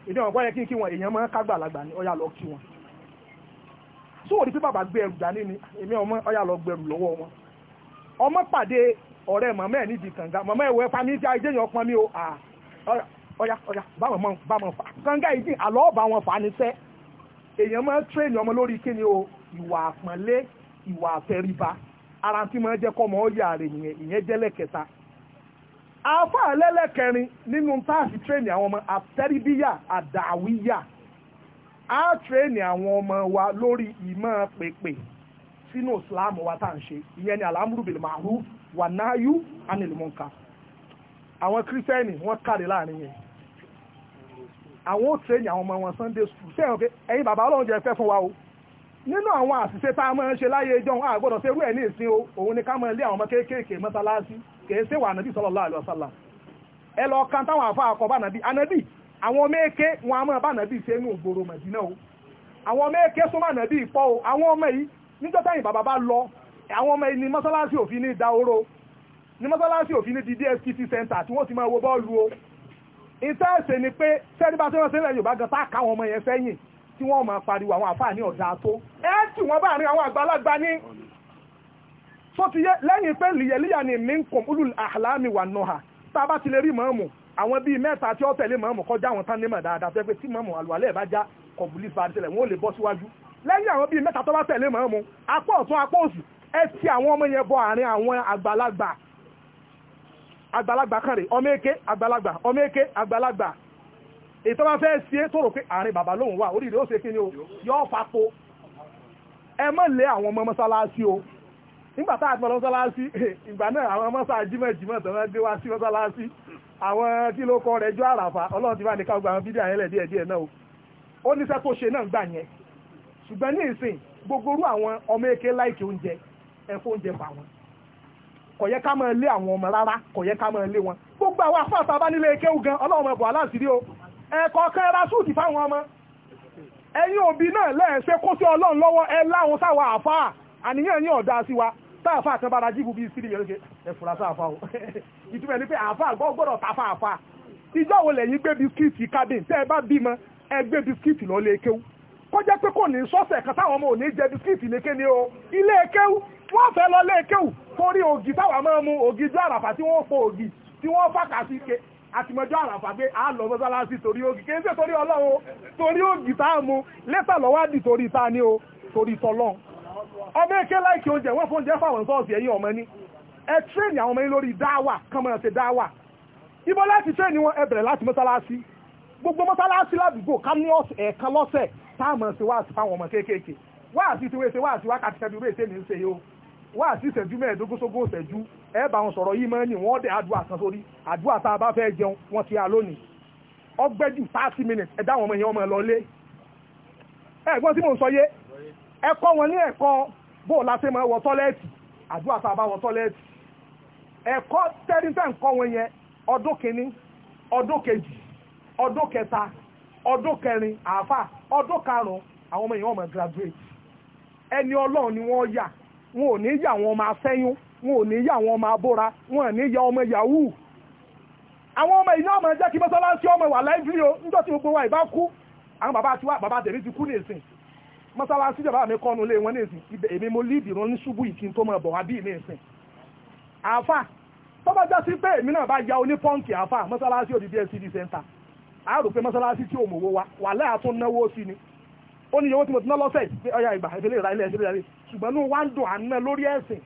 èdè ọ̀gbọ́n yẹ kí n kí wọn èèyàn máa kágbàlagbà ní ọ̀yà lọ kí wọn ṣó òdí pé bàbá gbẹrù dání ni èmi ọmọ ọ̀yà lọ gbẹrù lọ́wọ́ wọn ọmọ pàdé ọ̀rẹ́ màmá ẹ̀ níbi kànga màmá ẹ̀wọ̀ ẹ̀fà ní ìjà ìjẹyàn pọn mi o ah, ọ̀yà ọ̀yà bá wọn fà kànga ìjì àlọ́ ọ̀bà wọn fà ní sẹ́ èèyàn máa ń tírèènì ọmọ lórí kíni o ìwà àpọ́nlé ìwà àfẹríba ara tí máa ń jẹ́ kọ́mọ ọ̀yà rẹ̀ nìyẹn ìyẹn jẹ́ lẹ́kẹta afa lẹ́lẹ́kẹrin nínú táàsì tírèènì àwọn ọmọ àtẹ́ríbíyà àdàwíyà á tírèènì àwọn ọmọ wa lórí ìmọ̀ pèpè sínú ìsìláàmù wa tá à ń ṣe ìyẹn ni alamuru bil ma'ruf wà náyú anil munkar àwọn kírísítẹ́nì wọ́n káre láàrin yẹn àwọn ó tẹ̀lé àwọn ọmọ wọn Sunday school sẹ́yìn pé ẹ̀yin bàbá ọlọ́run jẹ́ fẹ́ fún wa o nínú àwọn àṣìṣe tá a máa ń ṣe láyé ìjọ a gbọ́dọ̀ ṣe irú ẹ̀ ní ìsìn o òun ni ká máa lé àwọn ọmọ kéékèèké mọ́sálásí kèé ṣèwà ànábì sallallahu alaihi wasallam ẹ lọ kan táwọn àfa àkọ́ bá ànábì ànábì àwọn ọmọ èké wọn a máa bá ànábì ṣe inú ògbòrò Mẹ̀dínà o àwọn ọmọ èké súnmọ́ ànábì pọ̀ o àwọn ọmọ yìí níjọ́ táyìn bàbá bá lọ àwọn ọmọ yìí ni mọ́sálásí òfin ní ìdá oró ni mọ́sálásí òfin ní di DSTV center tí wọ́n ti máa wo bọ́ọ̀lù o ìtẹ́ ẹ̀sẹ̀ ni pé sẹ́ni bá sẹ́wọ́n sẹ́lẹ̀ Yorùbá gan tá káwọn ọmọ yẹn sẹ́yìn tí wọ́n máa pariwo àwọn àfáà ní ọ̀dà tó ẹ tí wọ́n bá rí àwọn àgbàlagbà ní. tó ti yẹ lẹ́yìn pé lìyẹ̀lìyà ni mí ń kàn ulu àhàlámì wà nù hà tá a bá ti lè rí mọ́ọ̀mù àwọn bíi mẹ́ta tí ó tẹ̀lé mọ́ọ̀mù kọjá àwọn tán nímọ̀ dáadáa fẹ́ pé tí mọ́ọ̀mù àlùwalẹ̀ bá já kọ̀bùlì fàdísẹ̀lẹ̀ wọn ò lè bọ́ síwájú lẹ́yìn àwọn bíi mẹ́ta tó bá tẹ̀lé mọ́ọ̀mù apá ọ̀tún apá òsì ẹ ti àwọn ọmọ yẹn bọ àárín àwọn àgbàlagbà àgbàlagbà kan rè ọmọ èké àgbàlagbà ọmọ èké àgbàlagbà ètò bá fẹ́ sí é tó rò pé àárín bàbá lòun wà orí ìrẹ́ ó ṣe kí ni o yọ́ fapo ẹ mọ́ lé àwọn ọmọ mọ́sálásí o nígbà tá àti mọ́sálásí *laughs* ìgbà náà àwọn ọmọ sáà jímọ̀ jímọ̀ tán wọ́n gbé wá sí mọ́sálásí àwọn kí ló kọ rẹ̀ jọ àràfà ọlọ́run ti bá ní káwọn gba àwọn fídíò àyẹ̀lẹ̀ díẹ̀ díẹ̀ náà o ó níṣẹ́ tó ṣe náà gbà yẹn ṣùgbọ́n ní ìsìn gbogbo orú àwọn ọmọ èké láìkì oúnjẹ ẹ fóúnjẹ fà wọn kò yẹ ká máa lé àwọn ọmọ rárá kò yẹ ká máa lé wọn gbogbo àwọn afọ àtàbá nílé kéwù gan ọlọ́run ẹ̀bùn aláàsírí o ẹ̀kọ́ kan ra súùtì fáwọn ọmọ ẹ̀yin òbí náà lẹ́ẹ̀ṣẹ́ kó sí ọlọ́run lọ́wọ́ ẹ láwọn sáwọn àfá àníyàn ní ọ̀dá sí wa táàfà kan bára jíìbù bíi sírí yẹn ẹ fura sáàfà o *laughs* ìtumọ̀ ní pé àfá àgbọ́ gbọ́dọ̀ tàfà àfá ìjọ́ wo lẹ́yìn gbé bisikíìtì kábìn tẹ́ ẹ bá bímọ ẹ gbé bisikíìtì lọ lé kéwù kọjá pé kò ní sọ́sẹ̀ kan táwọn ọmọ ò ní jẹ bisikíìtì lékè ni o ilé kéwú wọ́n fẹ́ lọ lé kéwú torí ògì táwọn máa mu ògì jọ àràfà tí wọ́n fọ ògì tí wọ́n fàkà sí ike àtìmọ́jọ́ àràfà pé a mọ́sálásí torí ògì kì í ṣe torí ọlọ́run torí ògì tá a mu lẹ́tà lọ́wọ́ dì torí ta ni o torí tọlọ́n ọmọ èké láìkí oúnjẹ wọ́n fóúnjẹ fáwọn sọ́ọ̀sì ẹ̀yìn ọmọ ní ẹ tírẹ́nì àwọn ọmọ yín lórí ibo láti tírẹ́nì wọn ẹ bẹ̀rẹ̀ láti gbogbo mọ́sálásí ládùúgbò ká ní ẹ̀ẹ̀kan lọ́sẹ̀ táàmù ṣe wá sí fáwọn ọmọ kéékèèké wá àti ti wéṣe wá àti wákàtí ṣẹ́bi rẹ̀ ṣe ní ṣe yìí o wá àti ìṣẹ́jú mẹ́ẹ̀ẹ́dógóṣógó ìṣẹ́jú ẹ bá wọn sọ̀rọ̀ yìí mọ́ ni wọ́n dẹ̀ àdúrà kan sórí àdúrà tá a bá fẹ́ jẹun wọ́n ti àlónìí ọgbẹ́jù thirty minutes ẹ̀dá àwọn ọmọ yẹn ọmọ ẹ̀ lọ lé ẹ̀gbọ́n tí mò ń sọ yé ẹ̀kọ́ wọn ní ẹ̀kọ́ bó o láti máa wọ tọ́lẹ́ẹ̀tì àdúrà tá a bá wọ tọ́lẹ́ẹ̀tì ẹ̀kọ́ tẹ́rìntẹ́ nǹkan wọn yẹn ọdún kìíní ọdún kejì ọdún kẹta ọdún kẹrin àáfà ọdún karùn àwọn ọmọ èèyàn graduate ẹni ọlọ́run ni wọ́n yà wọn ò ní yà wọn ọmọ asẹ́yún wọn ò ní yà wọn ọmọ abóra wọn ò ní yà ọmọ yahoo àwọn ọmọ ìyá ọmọ jẹ́ kí mọ́sálásí ọmọ wà láìpẹ́ o níjọ́ tí gbogbo wa ìbá kú àwọn bàbá bàbá tèmi ti kú mọ́sálásí bàbá mi lé wọn èmi ya a rò pé mọ́sálásí tí òmòwò wa wà láà tún náwó sí ni ó ní owó tí mo ti ná lọ́sẹ̀ pé ọya ìgbà ìfẹ́lẹ́ ìrà ilẹ̀ ìṣẹ́lẹ̀ rẹ̀ ṣùgbọ́n ní wá ń dùn àná lórí ẹ̀sìn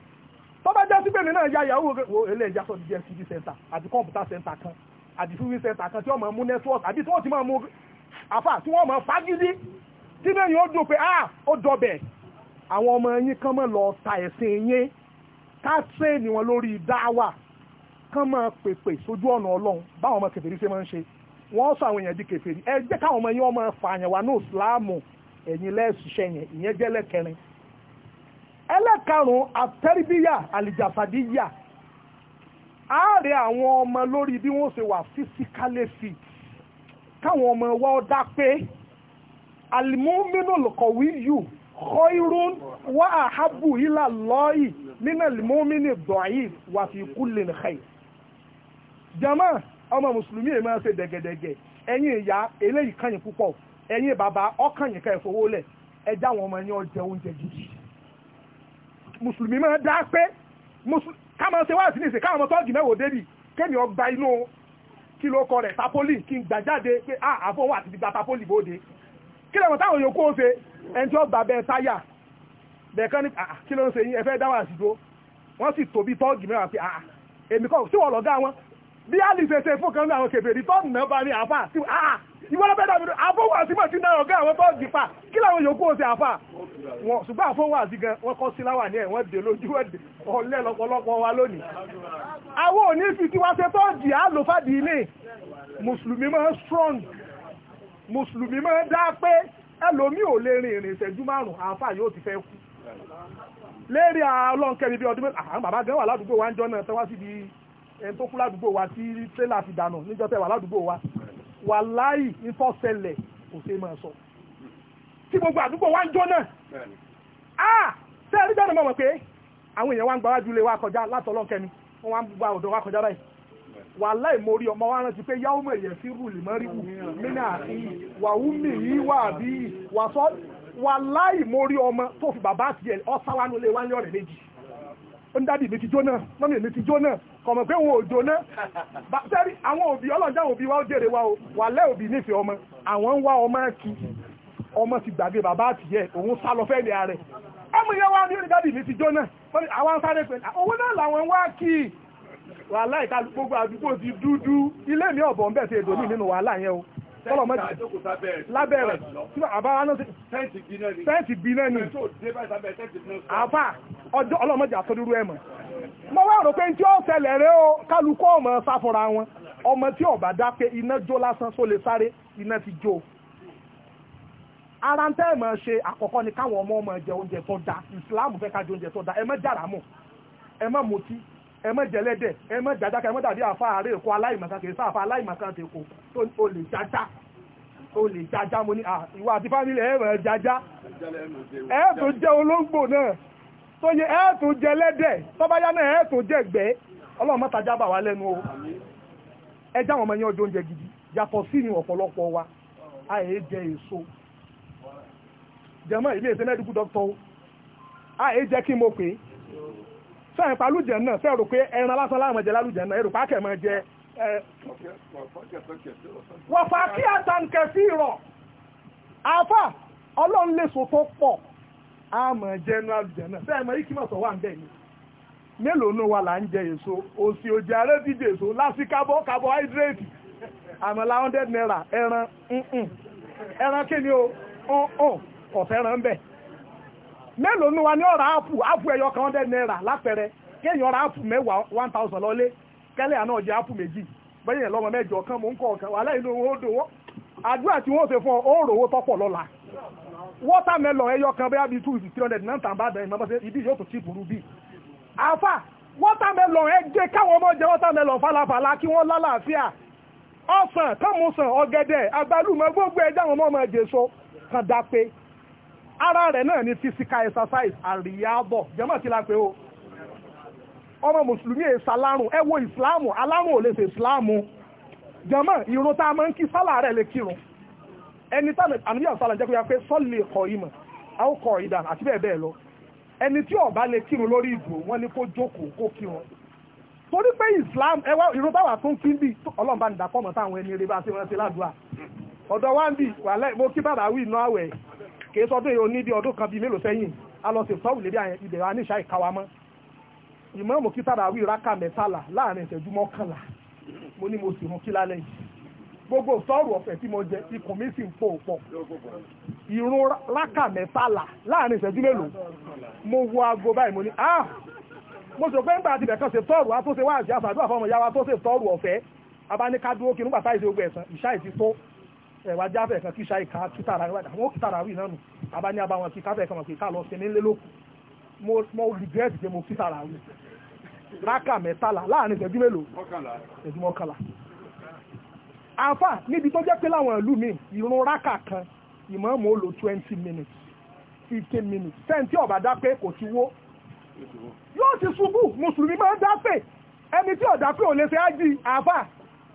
tó bá jẹ́ sípè mi náà ya ìyàwó wo ilé ìjà sọ díẹ̀ cv center àti kọ̀ǹpútà center kan àti fífi center kan tí wọ́n máa mú network àbí tí wọ́n ti máa mú àfà tí wọ́n máa fagídí tí lẹ́yìn ó dùn pé ah ó dọ̀bẹ̀ àwọn ọmọ yín kán mọ̀ lọ ta ẹ̀sìn yín ká tẹ́ẹ̀nì wọn lórí dáwà kán máa pèpè sójú ọ̀nà ọlọ́run báwọn ọmọ kẹfẹ́rí ṣe máa ń ṣe wọ́n sọ àwọn èèyàn di kèfèrí ẹ jẹ́ káwọn ọmọ yín ọmọ fààyàn wà ní ìsìláàmù ẹ̀yìn lẹ́ẹ̀ṣiṣẹ́ yẹn ìyẹn jẹ́ lẹ́kẹrin ẹlẹ́karùn-ún àtẹ́rìbíyà àlìjàfàdíyà ààrẹ àwọn ọmọ lórí bí wọ́n ṣe wà physically fit káwọn ọmọ wa ọ dá pé alimominu lọkọ̀wé yù khairun wa ahabu ila Allahi nínú alimominu dọ̀yì wà fi kulli khair jama ọmọ mùsùlùmí èyí máa ń ṣe dẹ̀gẹ̀dẹ̀gẹ̀ ẹ̀yin ìyá eléyìí kàn yín púpọ̀ ẹ̀yin bàbá ọkàn yín ká ẹ fowó lẹ̀ ẹ já àwọn ọmọ yín ọjẹ oúnjẹ gidi mùsùlùmí máa dá pé káwọn ṣe wá sí nìṣe káwọn ọmọ tọ́jú mẹ́wòó débì kémi ọgbà inú kí ló kọ rẹ̀ tapoli kí n gbà jáde pé àfọwọ́ àti ti tapoli bóde kí lẹ́wọ̀n táwọn yòókù ó ṣe ẹni tí ó gbà bẹ́ẹ̀ táyà bẹ̀ẹ̀kan ní kí ló ń ṣe yín ẹ fẹ́ dáwà sí tó wọ́n sì tóbi tọ́ọ̀gì mẹ́wàá pé èmi kọ́ sí wọ́n lọ́gá wọn bí a lè ṣẹ̀ṣẹ̀ fún kan láwọn kèfèrí tọ́ọ̀nù náà bá ní àfà ah, sí àà ìwọ́lọ́pẹ́dà mi àfọwọ́ àti mọ̀ sí náà ọ̀gá àwọn tó dìpa kí láwọn yòókù ọ̀sẹ̀ àfà wọn ṣùgbọ́n àfọwọ́ àti gan wọ́n kọ́ sí láwà ní ẹ̀wọ́n dè lójú ẹ̀dẹ̀ ọ̀lẹ́ lọ́pọ̀lọpọ̀ wa lónìí àwọn òní fi tí wá ṣe tó jì á lò fàdí ilé mùsùlùmí máa strong mùsùlùmí máa dá pé ẹlòmí ò lè rin ìrìn ìṣẹ́jú márùn-ún àfà yóò ti fẹ́ kú lérí ọlọ́nkẹ́ni bí ọdún mẹ́ta àwọn bàbá gan wà ládùúgbò wa ń jọ náà tẹ́wá síbi ẹni tó kú ládùúgbò wa tí tírélà ti dànù níjọ́ tẹ́ ládùúgbò wa wàláì ìfọ́sẹ̀lẹ̀ kò ṣe máa sọ tí gbogbo àdúgbò wa ń jóná ah tẹ́ ẹ rí bẹ́ẹ̀ ni mo mọ̀ pé àwọn èèyàn wa ń gbáwájú lé wa kọjá látọlọ́kẹni wọ́n wá ń gba ọ̀dọ̀ wa kọjá báyìí wàláì mo rí ọmọ wa rántí pé yáwó mọ̀ èyẹ sí rúùlì mọ́ rí wù nínú àti wàhú wà bí wàsọ wàláì ń dádì mi ti jóná mọ́mí mi ti jóná kọ̀mọ̀ pé wọn ò jóná sẹ́rí àwọn òbí ọlọ́jà òbí wa ó jèrè wa o wà lẹ́ òbí nífẹ̀ẹ́ ọmọ àwọn ń wá ọmọ kí ọmọ ti gbàgbé bàbá àtìyẹ òun sá lọ fẹ́ẹ̀lì ààrẹ ọmọ ìyá wa ní dádì mi ti jóná àwọn sáré pé owó náà làwọn ń wá kí wàhálà ìkàlù gbogbo àdúgbò ti dúdú ilé mi ọ̀bọ̀ ń bẹ̀ èdò mi nínú wàhálà yẹn o tọ́lọ̀ mẹ́jì lábẹ́rẹ̀ tí àbá ránúsí tẹ́ǹtì bí náà ni àbá ọjọ́ ọlọ́mọjà àtọ́dúrú ẹ̀mọ̀ mọ́ wá rò pé tí ó ṣẹlẹ̀ rẹ̀ ó kálukọ́ ọmọ sáfọ́ra wọn ọmọ tí ọ̀bà dá pé iná jó lásán só lè sáré iná ti jó ara ń tẹ́ ẹ̀mọ̀ ṣe àkọ́kọ́ ni káwọn ọmọ ọmọ jẹ oúnjẹ tó da ìsìláàmù fẹ́ ká jẹ oúnjẹ tó da ẹ má jàrá mọ́ ẹ má mutí ẹ má jẹlẹ́dẹ̀ ẹ má jàjáka ẹ má dàbí àfa àárẹ̀ èkó aláìmọ̀kan kì í sáà àfa ti kò tó lè jaja tó lè jájá mo ní ìwà àti fámìlì ẹ mọ̀ jájá ẹ tó jẹ́ olóńgbò náà tó yẹ ẹ tó náà ẹ tó wà o ẹ já wọn mọ yẹn ọjọ́ oúnjẹ gidi sí ni wa àyè jẹ èso jama ilé kí sẹ́yìn pa lùjẹ̀ náà sẹ́yìn rò pé ẹran lásán láwọn jẹ lálùjẹ̀ náà èrò pákẹ́ máa jẹ wọ̀fà kí àtànkẹ́ sí rọ̀ àfà ọlọ́run lè so tó pọ̀ àmọ̀ jẹ́ inú àlùjẹ̀ náà sẹ́yìn mọ̀ ikí mọ̀tọ̀ wà ń bẹ̀ ni mélòó ní wa là ń jẹ èso òsì òjì ààrẹ díje èso lásì kábọ́ carbohydrate àmàlà hundred naira ẹran ẹran kí ni o ọ̀fẹ́ràn bẹ́ẹ̀. mélòó ní wa ní ọ̀rọ̀ áàpù áàpù ẹ̀yọ kan hundred naira lápẹẹrẹ kéèyàn ọ̀rọ̀ áàpù mẹ́wàá one thousand lọ́lé kẹ́lẹ́ àná ọ̀jẹ̀ áàpù méjì bẹ́ẹ̀ yẹn lọ́mọ mẹ́jọ kan mò ń kọ́ ọ̀kan wàhálà inú owó dòwó àdúrà tí wọ́n ṣe fún ọ ó rò owó tọ́pọ̀ lọ́la watermelon ẹ̀yọ kan bẹ́ẹ̀ bíi two three hundred náà tàn bá dẹ̀ ìmọ̀ bọ́sẹ̀ ibi yóò tó ti burú bíi àfà watermelon ẹ jẹ́ káwọn ọmọ jẹ watermelon falafala kí wọ́n lálàáfíà ọsàn kọ́mùsàn ọ̀gẹ̀dẹ̀ àgbálùmọ̀ gbogbo ẹ̀jẹ̀ àwọn ọmọ ọmọ ẹ̀jẹ̀ so kan dápé ara rẹ̀ náà ni physical exercise àríyábọ̀ jẹ́mọ̀ kí la pé o ọmọ mùsùlùmí èyí salárùn ẹ wo ìsìláàmù alárùn ò lè ṣe ìsìláàmù jẹ́mọ̀ ìrun tá a máa ń kí sálà rẹ̀ lè kírun ẹni ya àníyàn sálà jẹ́ pé sọ́ọ̀lì ẹ̀kọ́ ìmọ̀ àwòkọ́ ìdà àti bẹ́ẹ̀ bẹ́ẹ̀ lọ ẹni tí ó lè kírun lórí ìdùn wọn ni kó jókòó kó kírun torí pé islam kí bí kìí sọdún yìí ó ní bí ọdún kan bíi mélòó sẹ́yìn a lọ sí sọ́ọ̀wù lébi àyẹn ibẹ̀ aníṣà ìkáwá mọ́ ìmáàmù kí tàràwí rákà mẹ́tàlá láàrin ìṣẹ́jú mọ́kànlá mo ní mo sì mú kí lálẹ́ yìí gbogbo sọ́ọ̀rù ọ̀fẹ́ tí mo jẹ ikùn mi sì ń pò pọ̀ ìrun rákà mẹ́tàlá láàrin ìṣẹ́jú mélòó mo wo aago báyìí mo ní ah mo sọ pé ńgbà àti ìbẹ̀kan ṣe sọ́ọ̀rù wa tó ṣe wáàjì àfàdúrà fọmọ ìyá wa tó ṣe sọ́ọ̀rù ọ̀fẹ́ abáníkádúró kí nígbà táyì ṣe gbogbo ẹ̀sán ìṣáì ti tó ẹ̀wà jáfẹ̀ kan kíṣà ìka kítàrà àwọn kítàrà wì náà nù bàbá ní abáwọn kí káfẹ̀ kan kí ká lọ sí nílé lókù mo regret pé mo kítàrà wì rákà mẹ́tàlá láàrin ìṣẹ́jú mélòó ìṣẹ́jú mọ́kànlá àfà níbi tó jẹ́ pé láwọn ìlú mi ìrun rákà kan ìmáàmù ó lò twenty minutes fifteen minutes sẹ́ńtì ọ̀bà dá pé kò ti wó yóò ti ṣubú mùsùlùmí máa ń dá pé ẹni tí ọ̀dà pé ò lè ṣe ájì àfà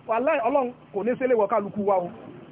wàláì ọlọ́run kò ní ṣe léwọ̀ kálukú wa o.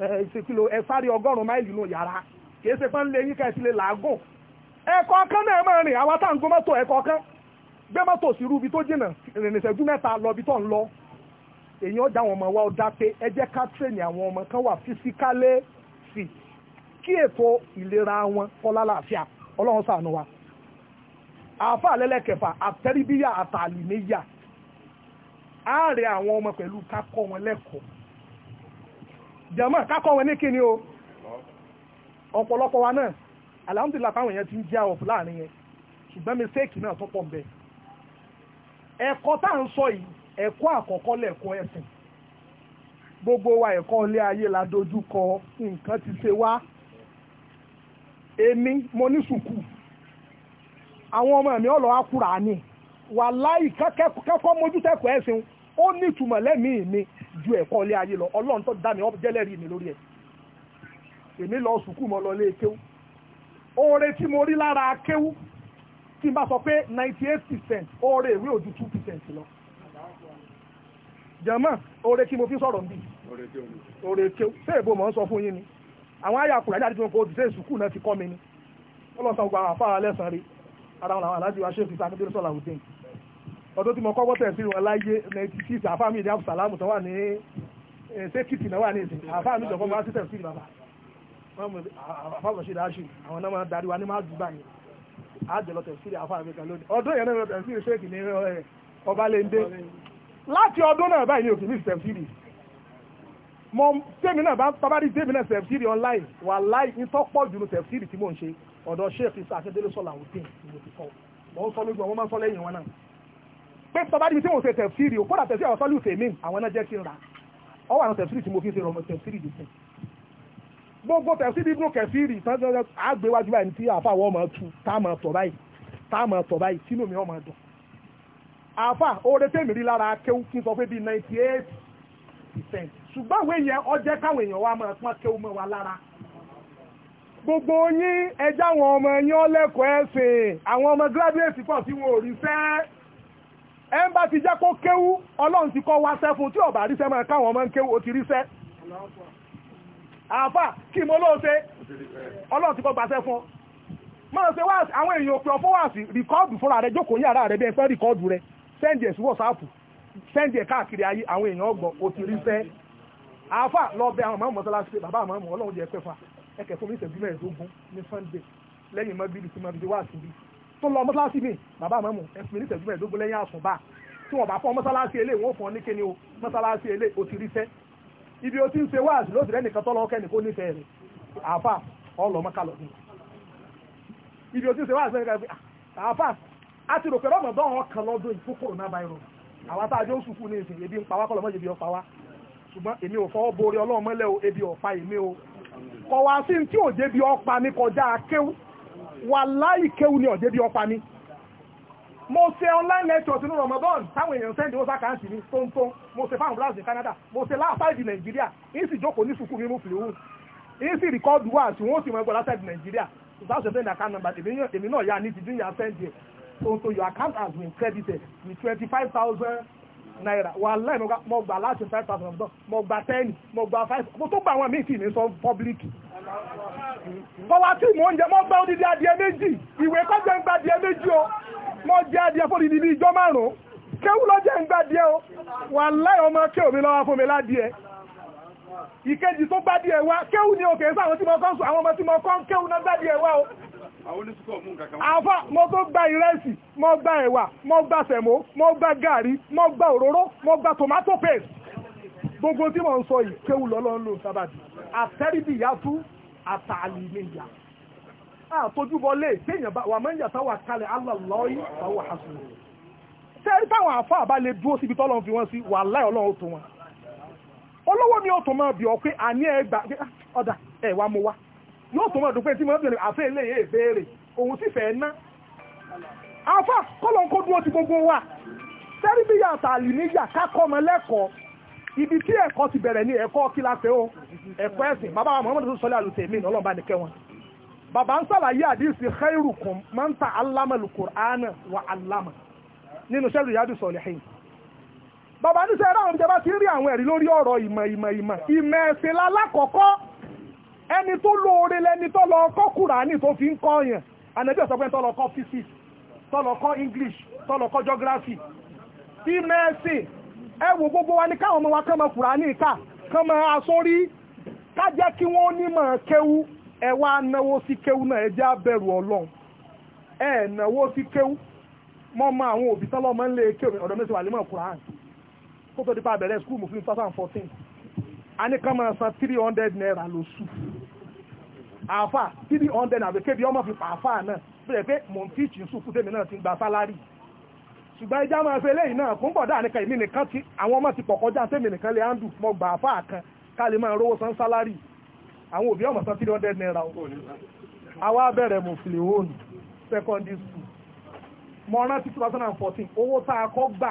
ìṣèkìlò ẹ sáré ọgọ́rùn-ún máìlì nù yàrá kì í ṣe pé ń lé yín kẹ́sì lè làágùn ẹ̀kọ́ kan náà máa rìn àwa tá à ń gbọ́ mọ́tò ẹ̀kọ́ kan gbé mọ́tò sí irú ibi tó jìnnà rìnrìn ìṣẹ́jú mẹ́ta lọ ibi tó ń lọ èyí ọjà àwọn ọmọ wa ó dá pé ẹ jẹ́ ká tírèèni àwọn ọmọ kan wà físíkálẹ̀ sí kí ètò ìlera wọn fọlá láàfíà ọlọ́run ṣàánú wa àáfà lẹ́lẹ́kẹfà àtẹ́ríbíyà àtàlìmíyà àárẹ̀ àwọn ọmọ pẹ̀lú ká kọ́ wọn lẹ́kọ̀ọ́ jẹ̀mọ́ kákọ́ wọn ní kíni o ọ̀pọ̀lọpọ̀ wa náà alhamdulillah fáwọn èèyàn ti ń jẹ́ ọ̀pọ̀ láàrin yẹn ṣùgbọ́n mistake náà tó pọ̀ ń bẹ ẹ̀kọ́ tá à ń sọ yìí ẹ̀kọ́ àkọ́kọ́ lẹ̀kọ́ ẹ̀sìn gbogbo wa ẹ̀kọ́ ilé ayé la dojú kọ nǹkan ti ṣe wá èmi mo ní sùkú àwọn ọmọ mi ọlọ́ akúra ni wàláì kẹ́kọ̀ọ́ mójútẹ́kọ̀ọ́ ẹ̀sìn ó ní ìtumọ̀ lẹ́mìí mi. mi ju ẹ̀kọ́ ilé ayé lọ ọlọ́run tó dá mi ọ́ jẹ́lẹ́rìí mi lórí ẹ̀ èmi lọ sùkú mọ́ lọ lé kéwú oore tí mo rí lára kéwú tí n bá sọ pé ninety eight percent oore ìwé òjú two percent lọ jẹ̀mọ́ oore tí mo fi sọ̀rọ̀ ń bì oore kéwú ṣé èbó mọ̀ ń sọ fún yín ni àwọn àyà kùrà jáde tí wọn kò ti ṣe sùkú náà ti kọ́ mi ni ọlọ́sàn gbogbo àwọn àfáà lẹ́sàn-án rí ara wọn làwọn aláàjì wa ṣe fi sa akéde sọ̀làwùdín ọdún tí mo kọ́ wọ́tẹ̀ sí wọn láyé ninety six àfáà mi ìdí abusalamu tó wà ní ṣékìtì náà wà ní ìsìn àfáà mi ìjọba bá sí tẹ̀sí bàbá àfáà bọ̀ ṣe dáṣù àwọn náà máa darí wa ní máa dùgbà yẹn àjọlọ tẹ̀sí àfáà mi kan lónìí ọdún yẹn náà tẹ̀sí ṣéèkì ní ọbalẹ́ndé láti ọdún náà báyìí ní òkè ní tẹ̀sí mo tèmi náà bá tabari tèmi náà tẹ̀sí online wàláì ní tọ́pọ̀ jùlọ tẹ̀sí tí mò ń ṣe ọ̀dọ̀ ṣéèkì sàkédélé sọ̀làwùdín ìmọ̀tìkọ́ mo ń sọ lójú ọmọ máa sọ lẹ́yìn wọn náà pé tọba níbi tí wọ́n ṣe tẹ̀síìrì òkúta tẹ̀síìrì àwọn sọ́lù tèmi àwọn náà jẹ́ kí n ra ọwọ́ àwọn tẹ̀síìrì tí mo fi ń ṣe rọmọ tẹ̀síìrì dìde gbogbo tẹ̀síìrì ibùdó kẹ̀síìrì ìtànjẹ́ àgbéwájú báyìí tí àfa àwọn ọmọ tu táàmù tọ̀ báyìí táàmù tọ̀ báyìí sínú mi ọmọ dùn àfa oore tèmi rí lára kéwú kí n sọ pé bíi ninety eight percent ṣùgbọ́n àwọn èèyàn ọjẹ́ káwọn èèyàn wa máa pọ́n kéwú mọ́ wa lára gbogbo yín ẹjá àwọn ọmọ yín ọlẹ́kọ̀ọ́ ẹ̀sìn àwọn ọmọ gíráduwéèsì pọ̀ tí wọn ò rí sẹ́ẹ́ ẹ ti jẹ́ kó kéwú ọlọ́run ti kọ́ wá sẹ́fún tí ọ̀bà ríṣẹ́ máa káwọn ọmọ ń kéwú ó ti ríṣẹ́ àfà kí mo lóò ṣe ọlọ́run ti kọ́ gbà sẹ́fún máa ṣe wáàsì àwọn èèyàn òpin ọ̀fọ́ wáàsì rìkọ́ọ̀dù fúnra rẹ jókòó yàrá rẹ bí ẹ rìkọ́ọ̀dù rẹ ẹ̀ ẹ̀ káàkiri ayé àwọn èèyàn ọgbọ̀n ó ti fún mi ìṣẹ́jú ní sunday lẹ́yìn tí mo wáàsì tó lọ mọ́sálásí mi bàbá àmọ́ mu ẹ̀sìn ní tẹ̀síwẹ̀ lógún lẹ́yìn àsùnbà tí wọ́n bá fọ́ mọ́sálásí eléyìí wọ́n fọ́ ní kíni o mọ́sálásí eléyìí o ti rí sẹ́ ibi o ti ń ṣe wáàsì lóṣù rẹ̀ nìkan tọ́lọ́ kẹ́ni kó nífẹ̀ẹ́ rẹ̀ àáfà ọlọ́ mọ́kàlọ́ ni ibi o ti ń ṣe wáàsì lóṣù rẹ̀ àáfà a ti rò pé rọ́mọdán ọkàn lọ́dún ìfún corona virus àwọn tá a jẹ́ ó sùkú ní ìsìn ebi ń pa wá kọ́lọ̀ mọ́jẹ̀ bí ọ̀pá wá ṣùgbọ́n èmi ò fọwọ́ borí ọlọ́run mọ́lẹ̀ o ebi ọ̀pá èmi o kọ̀wá sí tí ò jẹ́ bí ọ̀pá ní wà láì kéwù ní ọ̀dẹ́bí ọpa mi mo ṣe online lectures nínú Ramadan táwọn èèyàn sẹ́ndì wọ́n sáka ń sì ní tóńtón mo ṣe fáwọn blast ní Canada mo ṣe láàfáìdì Nàìjíríà ń sì jókòó ní sùkúù mímú fìlíwù ń sì rìkọ́dù wá àti wọ́n sì mọ ẹgbẹ́ láṣẹ́dì Nàìjíríà ìbáṣẹ sẹ́ndì àká nàmbà èmi náà yá ní ti dín yà sẹ́ndì ẹ̀ tóńtón your account has been credited with twenty five thousand naira wà láì mo gbà láti five thousand mo gbà ten mo gbà five mo tó gbà àwọn míì sì ní sọ public kọwa tí mò ń jẹ mọ́ gbá odidi adìẹ méjì ìwé kọ́ jẹ́ ń gba adìẹ méjì o mọ́ jẹ́ adìẹ fún odidi ìjọ márùn-ún kéwú lọ jẹ́ ń gba adìẹ o wà láì ọmọ kí omi lọ́wọ́ fún mi ládìẹ ìkejì tó gbá adìẹ wa kéwú ni òkè sí àwọn tí mo kọ́ sùn àwọn ọmọ tí mo kọ́ kéwú náà gbá o àfà mo tó mo gba ẹ̀wà mo gba mo gba mo gba òróró mo gba tomato paste gbogbo tí mo ń sọ yìí kéwú lọ́lọ́ ń lò sábàdì àtẹ́rìbì àtàlìmíyà àtọ́júbọlé téèyàn bá wà mẹ́yà táwà kalẹ̀ alàlọ́yìn táwà hasùn tẹ́rí táwọn àfáà bá lè dúró síbi tọ́lọ́run fi wọ́n sí wà láì ọlọ́run tó wọn olówó ni ó tó máa bì ọ́ pé àní ẹgbà ah, ọ̀dà ẹ̀ wá mo wá yóò tó máa dùn pé tí mo bẹ̀rẹ̀ àfẹ́ ilé yẹn ìbéèrè òun sì fẹ́ ná àfáà kọ́lọ́n kó dúró ti gbogbo wa tẹ́rí bí yàtà àlìníyà kákọ́ ọmọ lẹ́kọ̀ọ́ ibi tí ẹ̀kọ́ ti bẹ̀rẹ̀ ní ẹ̀kọ́ kí la pé o ẹ̀kọ́ ẹ̀sìn bàbá wa Muhammadu sọlẹ̀ alùsèmí ọlọ́ba ní kẹwọn bàbá ń sàlàyé àdìsí khairukum man ta'allama al-Qur'an wa 'allama nínú sẹ́rù yadu salihin bàbá ní sẹ́rù àwọn ìjọba ti ń rí àwọn ẹ̀rí lórí ọ̀rọ̀ ìmọ̀ ìmọ̀ ìmọ̀ ìmọ̀ ẹ̀sìn lálákọ̀ọ́kọ́ ẹni tó lóore lẹni tó lọ kọ́ Kùránì tó fi ń kọ́ yẹn ànàbí ọ̀sọ́gbẹ́ tó lọ kọ́ physics tó lọ kọ́ English tó lọ kọ́ geography ìmọ̀ ẹ̀sìn ẹwù gbogbo wa ní káwọn ọmọ wa kán mọ Kùránì ìka kán mọ asórí ká jẹ́ kí wọ́n nímọ̀ kéwú ẹ wá náwó sí kéwú náà ẹ jẹ́ abẹ̀rù Ọlọ́run ẹ náwó sí kéwú mọ́ mọ́ àwọn òbí tọ́lọ́ mọ́ ń lé kéwú ọ̀dọ́ mẹ́sàn-án 2014 a ní kán máa san 300 naira lóṣù àfà 300 àbẹ̀kẹ́bí ọmọ fi pàfà náà bẹ̀rẹ̀ pé mò ń tíìchì sùn fún tèmi ṣùgbọ́n ẹjá máa fẹ́ lẹ́yìn náà fún bọ̀dá nìkan èmi nìkan tí àwọn ọmọ ti pọ̀ kọjá tẹ́mi nìkan lè áńdù mọ gbà àfà kan ká lè máa rówó san sálárì àwọn òbí ọmọ san three hundred naira o àwa bẹ̀rẹ̀ mọ̀fìlì òòlù secondary school mo rántí two thousand and fourteen owó tá a kọ́ gbà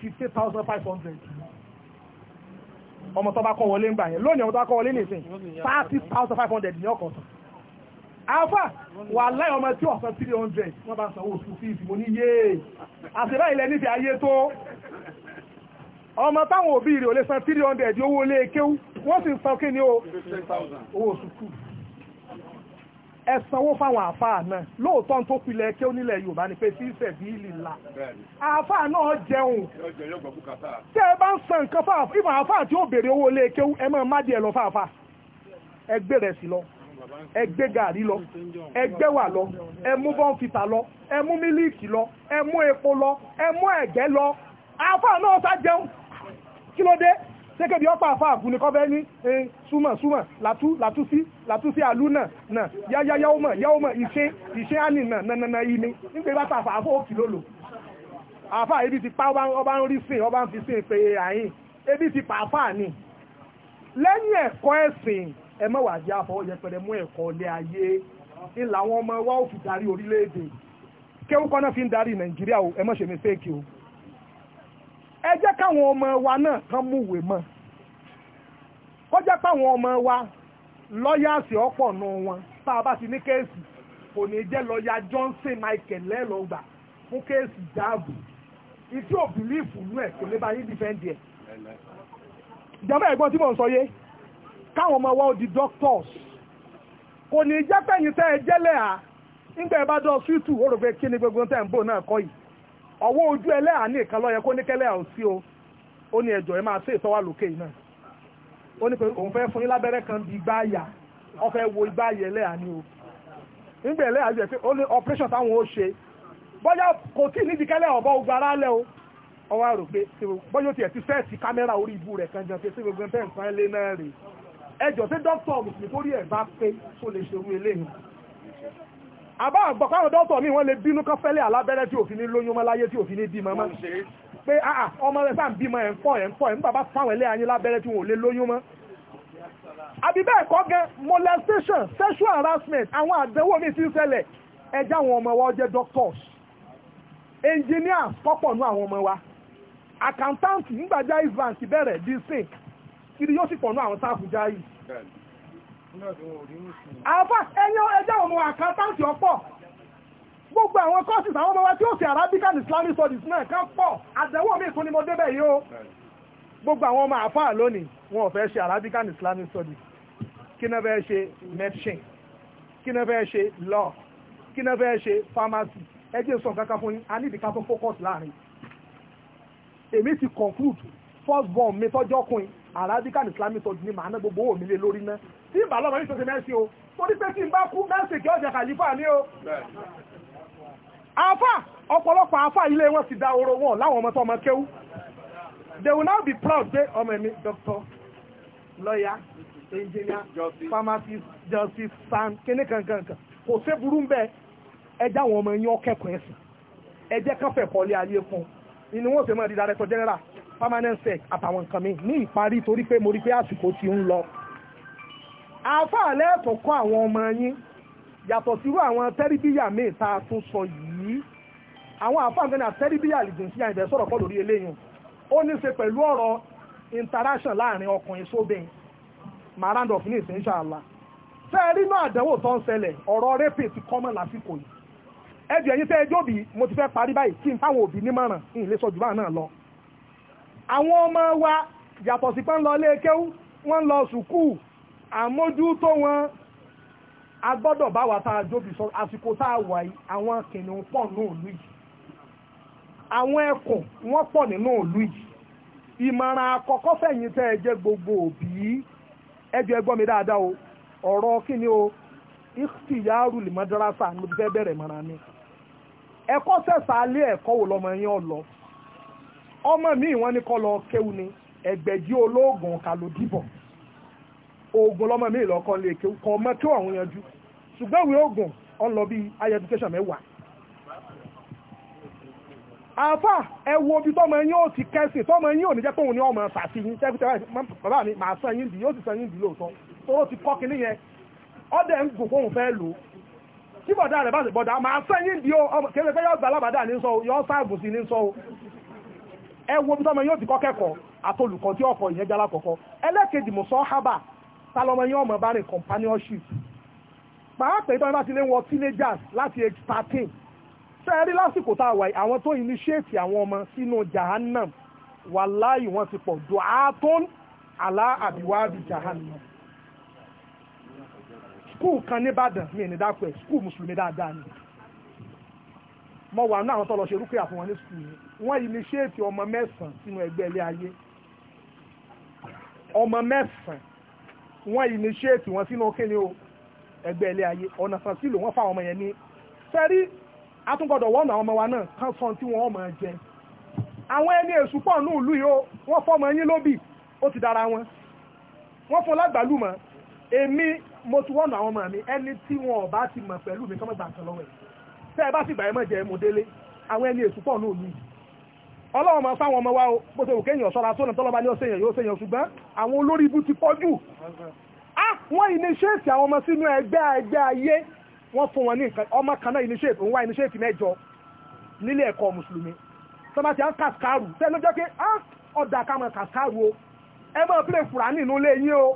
fifty thousand five hundred ọmọ tó bá kọ́ wọlé ń gbà yẹn lónìí ọmọ tó bá kọ́ wọlé nìsín thirty thousand five hundred ní ọkọ̀ tán. Afa, wà láì ọmọ tí ọ̀sán 300 wọ́n bá sanwó oṣù fi ìfìmò ní yé àṣìbá ilẹ̀ níbi ayé tó ọmọ táwọn òbí rẹ̀ ò lè san 300 owó ilé kéwú wọ́n sì ń san kí ni o owó oṣù kù ẹ sanwó fáwọn àfà náà lóòótọ́ tó pilẹ̀ kéwú nílẹ̀ Yorùbá ni pé tí ìṣẹ̀ bí ìlì la àfà náà jẹun tẹ́ ẹ bá ń san nǹkan fáwọn àfà tí ó béèrè owó ilé kéwú ẹ máa má díẹ̀ lọ fáfà ẹgbẹ́ rẹ̀ sí lọ ẹ gbé gàrí lọ ẹ gbé wà lọ ẹ mú bọ́ǹfìtà lọ ẹ mú mílíìkì lọ ẹ mú epo lọ ẹ mú ẹ̀gẹ́ lọ àáfàá náà sá jẹun kí ló dé sékèbí ọ̀pá àáfàá àgùn ni kọ́fẹ́ ní súnmọ̀ súnmọ̀ làtú làtú sí làtú sí àlú náà náà yáyá yáwó mọ̀ yáwó mọ̀ ìṣe ìṣe ánì náà náà náà yìí ni nígbà bá ta àfàá fún òkì lólo àfàá ibi ti pa ọba ń rí sìn ọba ń fi sìn pé àyìn ebi ti pa àfàá ni lẹ́yìn ẹ̀kọ́ ẹ̀sìn ẹ má wàá jẹ́ àfọwọ́ yẹpẹrẹ mú ẹ̀kọ́ ilé ayé ńlá àwọn ọmọ wa ò fi darí orílẹ̀-èdè kéwú kọ́nà fi ń darí nàìjíríà o ẹ má ṣe mistake o ẹ jẹ́ káwọn ọmọ wa náà kán múwèé mọ́ kó jẹ́ káwọn ọmọ wa lọ́yàsì ọ̀pọ̀ nù wọn tá a bá ti ní kéèsì kò ní jẹ́ lọ́yà Johnson Michael lẹ́lọ́gbà fún kéèsì dáàbò ìtí ò bìlífù nú ẹ̀ kò lè bá yín dìfẹ́ǹdì ẹ̀ jàmbá ẹ̀gbọ́n tí mò ń sọ yé káwọn ọmọ wa di doctors kò ní jẹ́ pẹ̀yìn tẹ́ ẹ jẹ́lẹ̀ à nígbà ẹ bá ó rò pé kí ni gbogbo tẹ́ ń bò náà kọ́ yìí ọwọ́ ojú ẹlẹ́à ní ìkan lọ́yẹ kó ní kẹ́lẹ́à ò sí o ó ní ẹjọ́ ẹ máa ṣe ìtọ́wà lókè yìí náà ó ní pé òun fẹ́ fún yín lábẹ́rẹ́ kan di igbá àyà ó fẹ́ wo igbá àyà ni o nígbà ẹlẹ́à jẹ́ pé ó ní operation táwọn ó ṣe bọ́yá kò tí nídìí kẹ́lẹ́ ọ̀bọ o ibu ẹjọ́ tí dókítà mùsùlùmí tó rí ẹ̀ bá pé tó lè ṣerú eléyìí àbá àgbọ̀káwọn dókítà mi wọ́n lè bínú kán fẹ́lẹ́ alábẹ́rẹ́ tí òfin ní lóyún mọ́ láyé tí òfin ní bímọ mọ́ pé àà ah, ah, ọmọ rẹ̀ sáà ń bímọ ẹ̀ ń pọ̀ ẹ̀ ń pọ̀ ẹ̀ ń bàbá fáwọn ilé ayé lábẹ́rẹ́ tí wọ́n lè lóyún mọ́ àbí bẹ́ẹ̀ kọ́ gan molestation sexual harassment àwọn àdánwò mi ti ń ṣẹlẹ̀ ẹjá àwọn ọmọ wa jẹ́ doctors engineers pọ́pọ̀ nú àwọn ọmọ wa accountant nígbàjá ivan ti bẹ̀rẹ̀ di sink kiri yóò sì pọ̀ náà àwọn sáàfù já yìí ẹyọ ẹjọ́ ọmọ àkátáǹtì ọ̀pọ̀ gbogbo àwọn courses àwọn ọmọ wa tí ó sì Arabic Islamic studies náà kán pọ̀ àdẹ̀wò mi ìtúnimọ̀ débẹ̀ yìí o gbogbo àwọn ọmọ àfà lónìí wọn ò fẹ́ ṣe Arabic Islamic studies kí náà fẹ́ ṣe medicine kí náà fẹ́ ṣe law kí náà fẹ́ ṣe pharmacy ẹjẹ́ sọ kankan fún yín a ní ìdíkà tó focus láàrin èmi ti conclude first born mi tọ́jọ́ kùn yín arabic islamic studies ni màá ná gbogbo òmí lé lórí ná tí ìbá lọ́mọ yìí ṣoṣe mẹ́sì o torí pé tí n bá kú mẹ́sì kí ọjà kàlífà ní o. àáfà ọ̀pọ̀lọpọ̀ àáfà ilé wọn ti da oró wọn láwọn ọmọ tó ọmọ kéwú they will now be proud pé ọmọ mi doctor lawyer engineer pharmacist justice fan kíní kankan kan kò sé burú ń bẹ́ẹ̀ ẹjá àwọn ọmọ yín ọkẹ́kọ̀ọ́ ẹ̀sìn ẹjẹ́ kan kọ́lé ayé fún un ni wọ́n sì máa di director general permanent sex àtàwọn nǹkan mi ní ìparí torí pé mo rí pé àsìkò ti ń lọ àáfàá lẹ́ẹ̀tọ̀ kọ́ àwọn ọmọ yín yàtọ̀ sírú àwọn tẹ́ríbíyà míì tá a tún sọ yìí àwọn àáfàá nǹkan náà tẹ́ríbíyà lìdùn sí àìdẹ̀ sọ̀rọ̀ pọ̀ lórí eléyìí ó ní ṣe pẹ̀lú ọ̀rọ̀ interaction láàrin ọkùnrin sóbìn marando fún ìsìn ṣàlá tẹ́ rí náà àdánwò tó ń ṣẹlẹ̀ ọ̀rọ̀ rẹ́pì ti kọ́mọ̀ lásìkò yìí ẹ̀jẹ̀ yín tẹ́ ẹjọ́ bí mo ti fẹ́ parí báyìí kí n fáwọn òbí nímọ̀ràn ìlẹ́sọ̀jù bá náà lọ àwọn ọmọ wa yàtọ̀ sí pé ń lọ léèkéwú wọ́n ń lọ sùkúù àmójútó wọn a gbọ́dọ̀ bá wa tá a jóbi sọ àsìkò tá a wà yìí àwọn kìnìún pọ̀ nínú ìlú yìí àwọn ẹkùn wọ́n pọ̀ nínú ìlú yìí ìmọ̀ràn àkọ́kọ́ fẹ̀yìn tẹ́ ẹ jẹ́ gbogbo òbí ẹ jẹ́ mi dáadáa o ọ̀rọ̀ kí ni o ìkìyàrú lè mọ́ dára sáà mo ti fẹ́ bẹ̀rẹ̀ mọ́ra mi ẹ̀kọ́ sẹ̀sà alẹ́ ẹ̀kọ́ wò lọ́mọ yẹn ọ̀ ọmọ mi wọ́n ní kó lọ kéwú ni ẹgbẹ̀jì olóògùn kàlódìbọ̀ oògùn lọ́mọ mi lọ́kọ́ lè kéwú kọ́ ọmọ tí òun yanjú ṣùgbọ́n ìwé oògùn ọ̀n lọ bí higher education mẹ́wàá àfà ẹ wo bí tọ́mọ yín ó ti kẹ́sìn tọ́mọ yín ò ní jẹ́ pé òun ni ọmọ ṣàfi yín tẹ́kùtẹ́ bàbá mi màá sàn yín dì yóò sì sàn yín dì lóòótọ́ tó ó ti kọ́ kinní yẹn ọdẹ ń gùn kóhun fẹ́ lò tí bọ̀dá rẹ̀ bá sì bọ̀dá máa sẹ́yìn bí ó kéré pé yọ́ gbà alábàdà ní sọ yọ́ sáàbù sí ní sọ ẹ wo bí tọ́mọ yóò ti kọ́ kẹ́kọ̀ọ́ àtolùkọ́ tí ọ̀fọ̀ ìyẹn jálá kọ̀kọ́ ẹlẹ́kejì mùsọ́ hábà tálọ́mọ yóò mọ̀ bá companionship pàápàá ìtọ́ni láti lé wọn teenagers láti age thirteen ṣe lásìkò tá a wà àwọn tó initiate àwọn ọmọ sínú jahannam wàláì wọ́n ti pọ̀ du'atun ala àbíwáàbí jahannam skul kan nìbàdàn mi ní dápẹ́ skul mùsùlùmí dáadáa ni mo wà ní àwọn tó lọ ṣe rúkìá fún ní skul yìí wọ́n initiate ọmọ mẹ́sàn-án sínú ẹgbẹ́ ilé ayé ọmọ mẹ́sàn-án wọ́n initiate wọn sínú kíni o ẹgbẹ́ ilé ayé ọ̀nà kan sílò wọ́n fáwọn ọmọ yẹn ní sẹ́rí atúngbọ̀dọ̀ wọ́n náà ọmọ wa náà kán sọ tí wọ́n ọmọ jẹ àwọn ẹni èṣù pọ̀ ní ìlú yìí wọ́n fọmọ yín lóbì ó ti dára wọn wọ́n fún lágbàlúmọ̀ èmi mo ti wọ́n náà ọmọ mi ẹni tí wọn ò bá ti mọ̀ pẹ̀lú mi kọ́mọ́gbà kan lọ́wọ́ ẹ̀ tẹ́ ẹ bá sì bàyẹ́ mọ̀ jẹ́ mo délé àwọn ẹni èṣù pọ̀ ní ìlú yìí ọlọ́run máa fáwọn ọmọ wa o bó ṣe òkèèyàn sọ́ra tó nà tọ́lọ́ba ní ọ̀sẹ̀ yẹn yóò ṣèyàn ṣùgbọ́n àwọn olórí ibú ti pọ́jù wọ́n initiate àwọn ọmọ sínú ẹgbẹ́ ẹgbẹ́ ayé wọ́n fún wọn ní nǹkan ọmọ kan náà initiate òun wá initiate mẹ́jọ nílé ẹ̀kọ́ mùsùlùmí tọ́ba ti ń kàkàrù tẹ́lẹ̀ jẹ́ pé ọ̀dà ká mọ̀ kàkàrù o ẹ máa play Kùránì nínú ilé yín o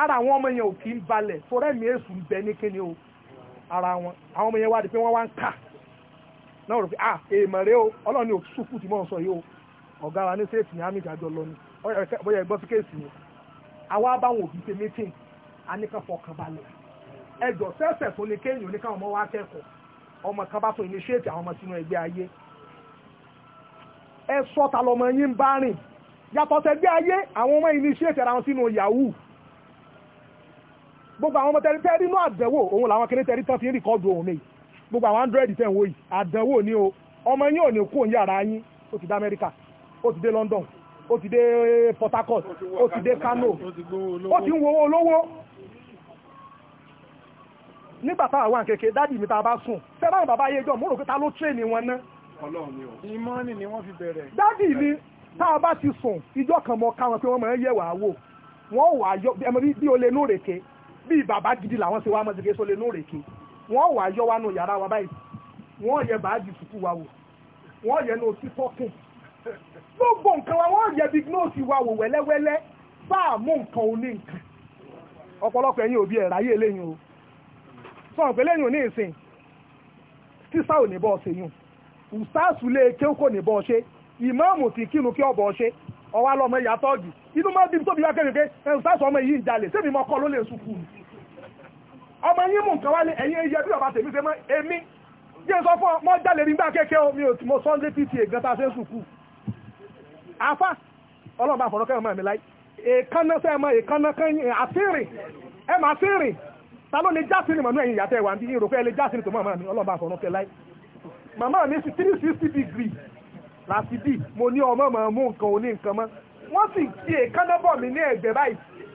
ara àwọn ọmọ yẹn ò kì í balẹ̀ torẹ́mi èsù ń bẹ ní kíni o ara wọn àwọn ọmọ yẹn wá di pé wọ́n wá ń kà náà rò pé ah èèmọ̀ rẹ o ọlọ́run ni òtútù kù tí mò ń sọ yìí o ọ̀gá wa ní sèètì ní amí ìdájọ́ lọ ni bóyá ẹgbọ́n sí kéèsì yẹn àwa báwọn òbí ṣe mítìn a ní káfọ́ kan balẹ̀ ẹjọ́ sẹ́sẹ̀ tó ní kéèyàn oníkàwọn ọmọ wa kẹ́kọ̀ọ́ ọmọ kan bá tó initiate àwọn ọmọ sínú ẹgbẹ́ ayé ẹ sọ ta lọmọ yín ń bá rìn yàtọ̀ sẹ́gbẹ́ ayé àwọn ọmọ initiate ara wọn sínú yahoo gbogbo àwọn ọmọ tẹ́rí tẹ́rí náà àdẹ̀wò òun làwọn kéré tẹ́rí tán fi ń rìkọ́dù òun mi gbogbo àwọn hundred ten wo yìí àdánwò ni o ọmọ yín ò ní kú òun yàrá yín ó ti dé Amẹ́ríkà ó ti dé London ó ti dé Port Harcourt ó ti dé Kano ó ti ń wo owó olówó nígbà táwa wà kéke dáàdì mi tá a bá sùn ṣé bàbá ayé mo rò pé ta ló tréènì wọn ná. ìmọ̀ọ́nì ni wọ́n fi bẹ̀rẹ̀. dáàdì mi tá a bá ti sùn ìjọ kan mọ káwọn pé wọ́n máa ń yẹ̀ wá wò wọ́n wà á yọ bí o lè nú rèké bí bàbá gidi làwọn ṣe wá mọ́ sí pé so lè nú rèké wọ́n wà yọ wá nù yàrá wa báyìí wọ́n yẹ báàgì sùkú wa wò wọ́n yẹ nù títọ́kù gbogbo nǹkan wa wọ́n yẹ big nose wa wò wẹ́lẹ́wẹ́lẹ́ sáà mú nǹkan oní nǹkan ọ̀pọ̀lọpọ̀ ẹ̀yin òbí ẹ̀ ráyè lẹ́yìn o sọ̀rọ̀ pé lẹ́yìn òní ìsìn tísà ò ní bọ́ ṣe yùn ùsáàsù lé eke kò ní bọ́ ṣe ìmáàmù tí kírun kí ọ̀bọ̀ ṣe ọwọ́ alọ́mọ ìyá tọ́ọ̀gì inú máa bí tóbi wá kẹ́rin pé ẹ̀ ùsáàsù ọmọ yìí ń jalè sẹ́mi mọ́kọ́ ló lè sùkúù ọmọ yín mú nǹkan wálé ẹ̀yin iye bí ọba tèmi ṣe mọ́ èmi jẹ́ sọ fún ọmọ jáde nígbà kéèké omi ò tí mo sọ́ lé títí ègán tá a ṣe ń sùkú afá ọlọ́ọ̀bá àfọ̀rọ̀kẹ́ ọmọ mi láì èkánná sẹ́ ẹmọ èkánná kan àtìrìn ẹmọ àtìrìn ta ló lè jásìrìn mọ̀nú ẹ̀yìn ìyàtẹ̀ wà ní ìròkọ́ ẹ lè jásìrìn tó mọ̀ mi ọlọ́ọ̀bá àfọ̀rọ̀kẹ́ láì màmá mi sí three sixty degree láti bí mo ní ọmọ mọ̀ mú nǹkan òní nǹkan mọ́ wọ́n sì ti èkánná bọ̀ mí ní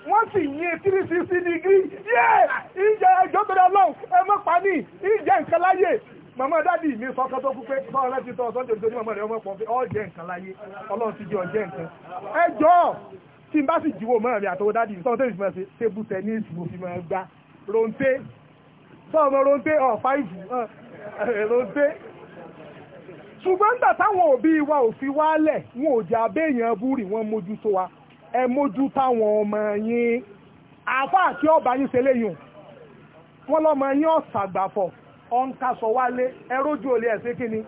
wọ́n sì yí three sixty degree yé ìjẹ́ ẹjọ́ tó dá lọ́wọ́ ẹ mọ́ pa ní ìjẹ́ nǹkan láyé màmá dádì mi sọ ọkọ tó kú pé sọ ọlẹ́tì tọ́ sọ́jọ́ tó ní màmá rẹ̀ ọmọ pọ̀ pé ọ jẹ́ nǹkan láyé ọlọ́run ti jẹ́ ọjẹ́ nǹkan ẹjọ́ tí n bá sì jíwò mọ́ rẹ̀ àtọwọ́ dádì sọ́wọ́n tẹ́lifí máa ṣe tébù tẹ́nísì mo fi máa gbá ronté sọ́ọ̀mọ́ ronté ọ̀ fáìfù ronté ṣùgbọ́n nígbà táwọn òbí wa ò fi wálẹ̀ wọn ò jà béèyàn búrì wọn mójútó wa ẹ mójú táwọn ọmọ yín àáfàá tí ọba yín ṣe léyìn wọn lọmọ yín ọ̀sàgbàfọ̀ ọ̀nkasọ̀ wálé ẹrójú olè ẹ̀sẹ̀ kínní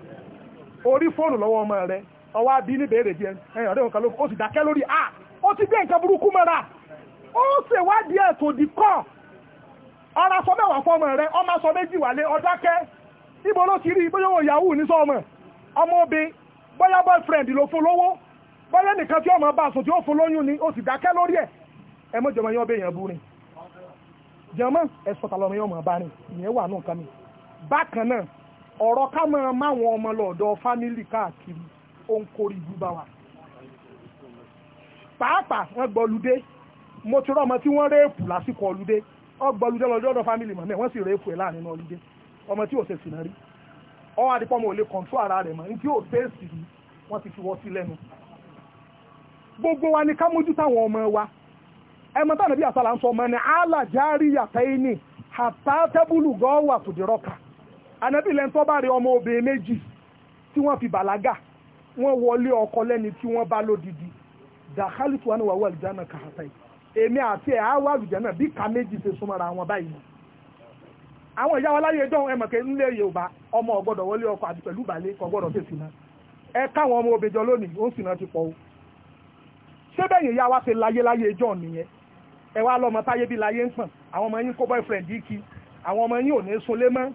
orí fóònù lọ́wọ́ ọmọ rẹ ọwọ́ abí níbèrè díẹ̀ ẹ̀yìn ọ̀rẹ́ nǹkan ló ó sì dákẹ́ lórí a ó ti gbé nǹkan burúkú mọ́ra ó ṣèwádìí ẹ̀ tòdì kọ́ ọ̀rá sọ mẹ́wàá fọmọ rẹ ọmọ sọ méjì wálé ọ̀dákẹ́ ibo ló ti rí bóyá òyàwó ní sọ ọmọ ọmọ obìnrin bóyá boyfriend ló fún lówó bọ́yẹ́ nìkan tí ó máa bá aṣọ tí ó fún lóyún ni ó sì dákẹ́ lórí ẹ̀ ẹ mọ́ jẹmọ́ yẹn ọbẹ̀ yẹn bú ni jẹmọ́ ẹ sọ̀tà lọ́mọ yẹn ọmọ bá ni ìyẹn wà nù kàmi bákan náà ọ̀rọ̀ ká máa máwọn ọmọ lọ́dọ̀ fámìlì káàkiri ó ń kórè ibú bá wa pàápàá wọn gbọ́ olùdé mo ti rọ́ ọmọ tí wọ́n réèpù lásìkò olùdé ọgbọ́ olùdé lọ́jọ́ ọ̀dọ̀ fámìlì mọ̀mẹ́ wọ́n sì réèpù ẹ̀ láàrin olùdé ọmọ tí ò ṣe sì náà rí ọwọ́ adìpọ́mọ ò lè kọ̀ǹtú ara wọ́n ti fi wọ́ sí lẹ́nu gbogbo wa ni ká mójú ọmọ wa ẹmọ táwọn ẹbí àsálà ń sọ ọmọ ni àlà járí àtẹ́yìnì àtà tẹ́bùlù gọ́ọ̀wà tòdìrọ́kà ànábì lẹ́ńtọ́ bá rí ọmọ méjì tí wọ́n fi bàlágà wọ́n wọlé ọkọ lẹ́ni tí wọ́n bá lódìdí dàkálì tí wọ́n wà wà lùjánà yìí èmi àti ẹ̀ á wà lùjánà bí ká méjì ṣe báyìí àwọn ìyá wa ọmọ wọlé ọkọ àti ẹ káwọn ọmọ lónìí ṣébẹ̀ yẹn yá wa ṣe láyé láyé ẹjọ́ nìyẹn ẹ wá lọ́mọ táyé bí láyé ń pọ̀n àwọn ọmọ yín kó boyfriend yìí kí àwọn ọmọ yín ò ní sunlé mọ́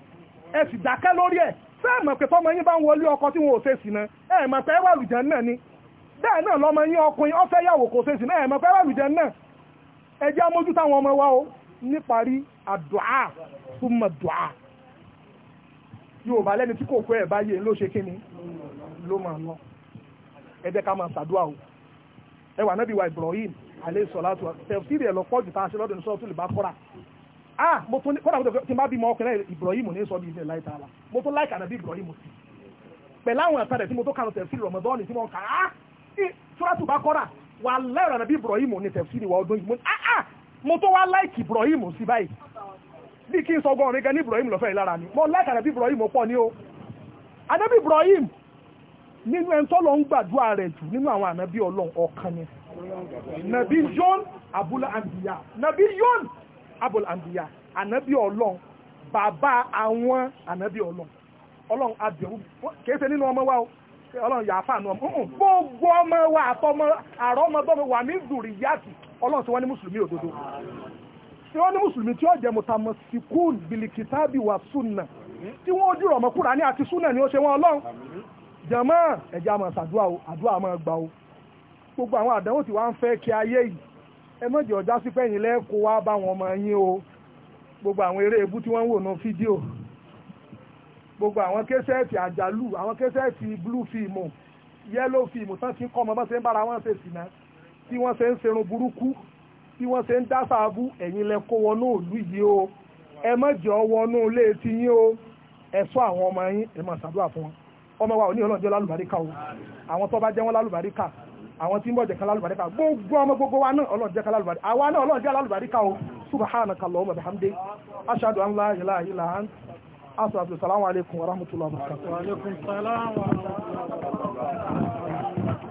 ẹ sì dákẹ́ lórí ẹ̀ fẹ́ẹ̀ mọ̀ pé tọ́mọ yín bá ń wọlé ọkọ tí wọn ò ṣe sìnà ẹ mọ̀ pé ẹ wà lùjẹ́ náà ni bẹ́ẹ̀ náà lọ́mọ yín ọkùnrin ó fẹ́ yàwó kò ṣe sìnà ẹ mọ̀ pé ẹ wà lùjẹ́ náà ẹ jẹ́ amójú táwọn ọmọ wa o níparí àdùá súnmọ̀ dùá yóò lẹ́ni tí kò kọ́ ẹ̀ báyé ló ṣe kíni ló máa ná ẹ jẹ́ ká máa ṣàdúrà o ẹwà nábì wa Ibrahim alayhi salatu tẹ̀síìrì ẹ̀ lọ pọ̀ jù tá a ṣe lọ́dún sọ́ọ́ lè bá kọ́ra ah mo tún kọ́ra mo tún bá bímọ ọkùnrin Ibrahim ní sọ́ọ́ bí ilé láì tààlà mo tún láìka nàbí Ibrahim sí pẹ̀lú àwọn ẹ̀ka rẹ̀ tí mo tún kanu tẹ̀síìrì Ramadan tí mo ń kà á sọ́ọ́tù bá kọ́ra wà lẹ́rọ̀ nàbí Ibrahim ní tẹ̀síìrì wa ọdún yìí mo ah, ah, tún wá láìkì Ibrahim sí báyìí bí kí n sọ Ibrahim lọ́fẹ̀ẹ́ lára ni mo láìka nàbí Ibrahim pọ̀ o anábì Ibrahim nínú ẹni tọ́lọ ń gbàdúrà rẹ̀ jù nínú àwọn ànábí ọlọ́run ọ̀kan ni nàbí yón abúlé àǹdíyà nàbí yón abúlé àǹdíyà ànábí ọlọ́run bàbá àwọn ànábí ọlọ́run ọlọ́run abẹ̀wò kéèsè nínú ọmọ wa o ọlọ́run yà á fà nù ọmọ gbogbo ọmọ wa àtọmọ àrọ́mọdọ́mọ wà ní zùrìyàtì ọlọ́run tí wọ́n ní mùsùlùmí òdodo tí wọ́n ní mùsùlùmí tí ó jẹ́ mùtàmọ̀ síkúl bìlìkìtàbí wà súnà tí wọ́n ojú rọ̀ mọ́kúrà àti súnà ni ó ṣe wọ́n ọlọ́run jàmọ́ ẹ̀jẹ̀ àmọ̀ ṣàdúrà o àdúrà máa gbà o gbogbo àwọn àdánwò tí wàá ń fẹ́ kí ayé yìí ẹ má jẹ́ ọjà sípẹ́ yìí lẹ́ẹ̀kọ́ wá bá wọn ọmọ yín o gbogbo àwọn eré ebú tí wọ́n ń wò náà fídíò gbogbo àwọn kẹsẹ́ẹ̀tì àjálù àwọn kẹsẹ́ẹ̀tì blue film yellow film tán ti ń kọ́ ọmọ bá ṣe ń bára wọn ṣe sìnà tí wọ́n ṣe ń serun burúkú tí wọ́n ṣe ń dá sáàbù ẹ̀yin lẹ kó wọnú ìlú yìí o ẹ má jẹ́ ọwọ́nú ilé tí yín o ẹ ṣọ́ àwọn ọmọ yín ẹ má ṣàdúrà fún wọn ọmọ wa ò ní ọlọ́jọ́ lálùbáríkà o àwọn tó bá jẹ́ wọn lálùbáríkà àwọn tí ń bọ̀ jẹ̀ka lálùbáríkà gbogbo ọmọ gbogbo wa náà ọlọ́jẹ́ ká lálùbáríkà àwa náà ọlọ́jẹ́ lálùbáríkà o subhanaka allahumma bihamdik ashhadu an la ilaha illa ant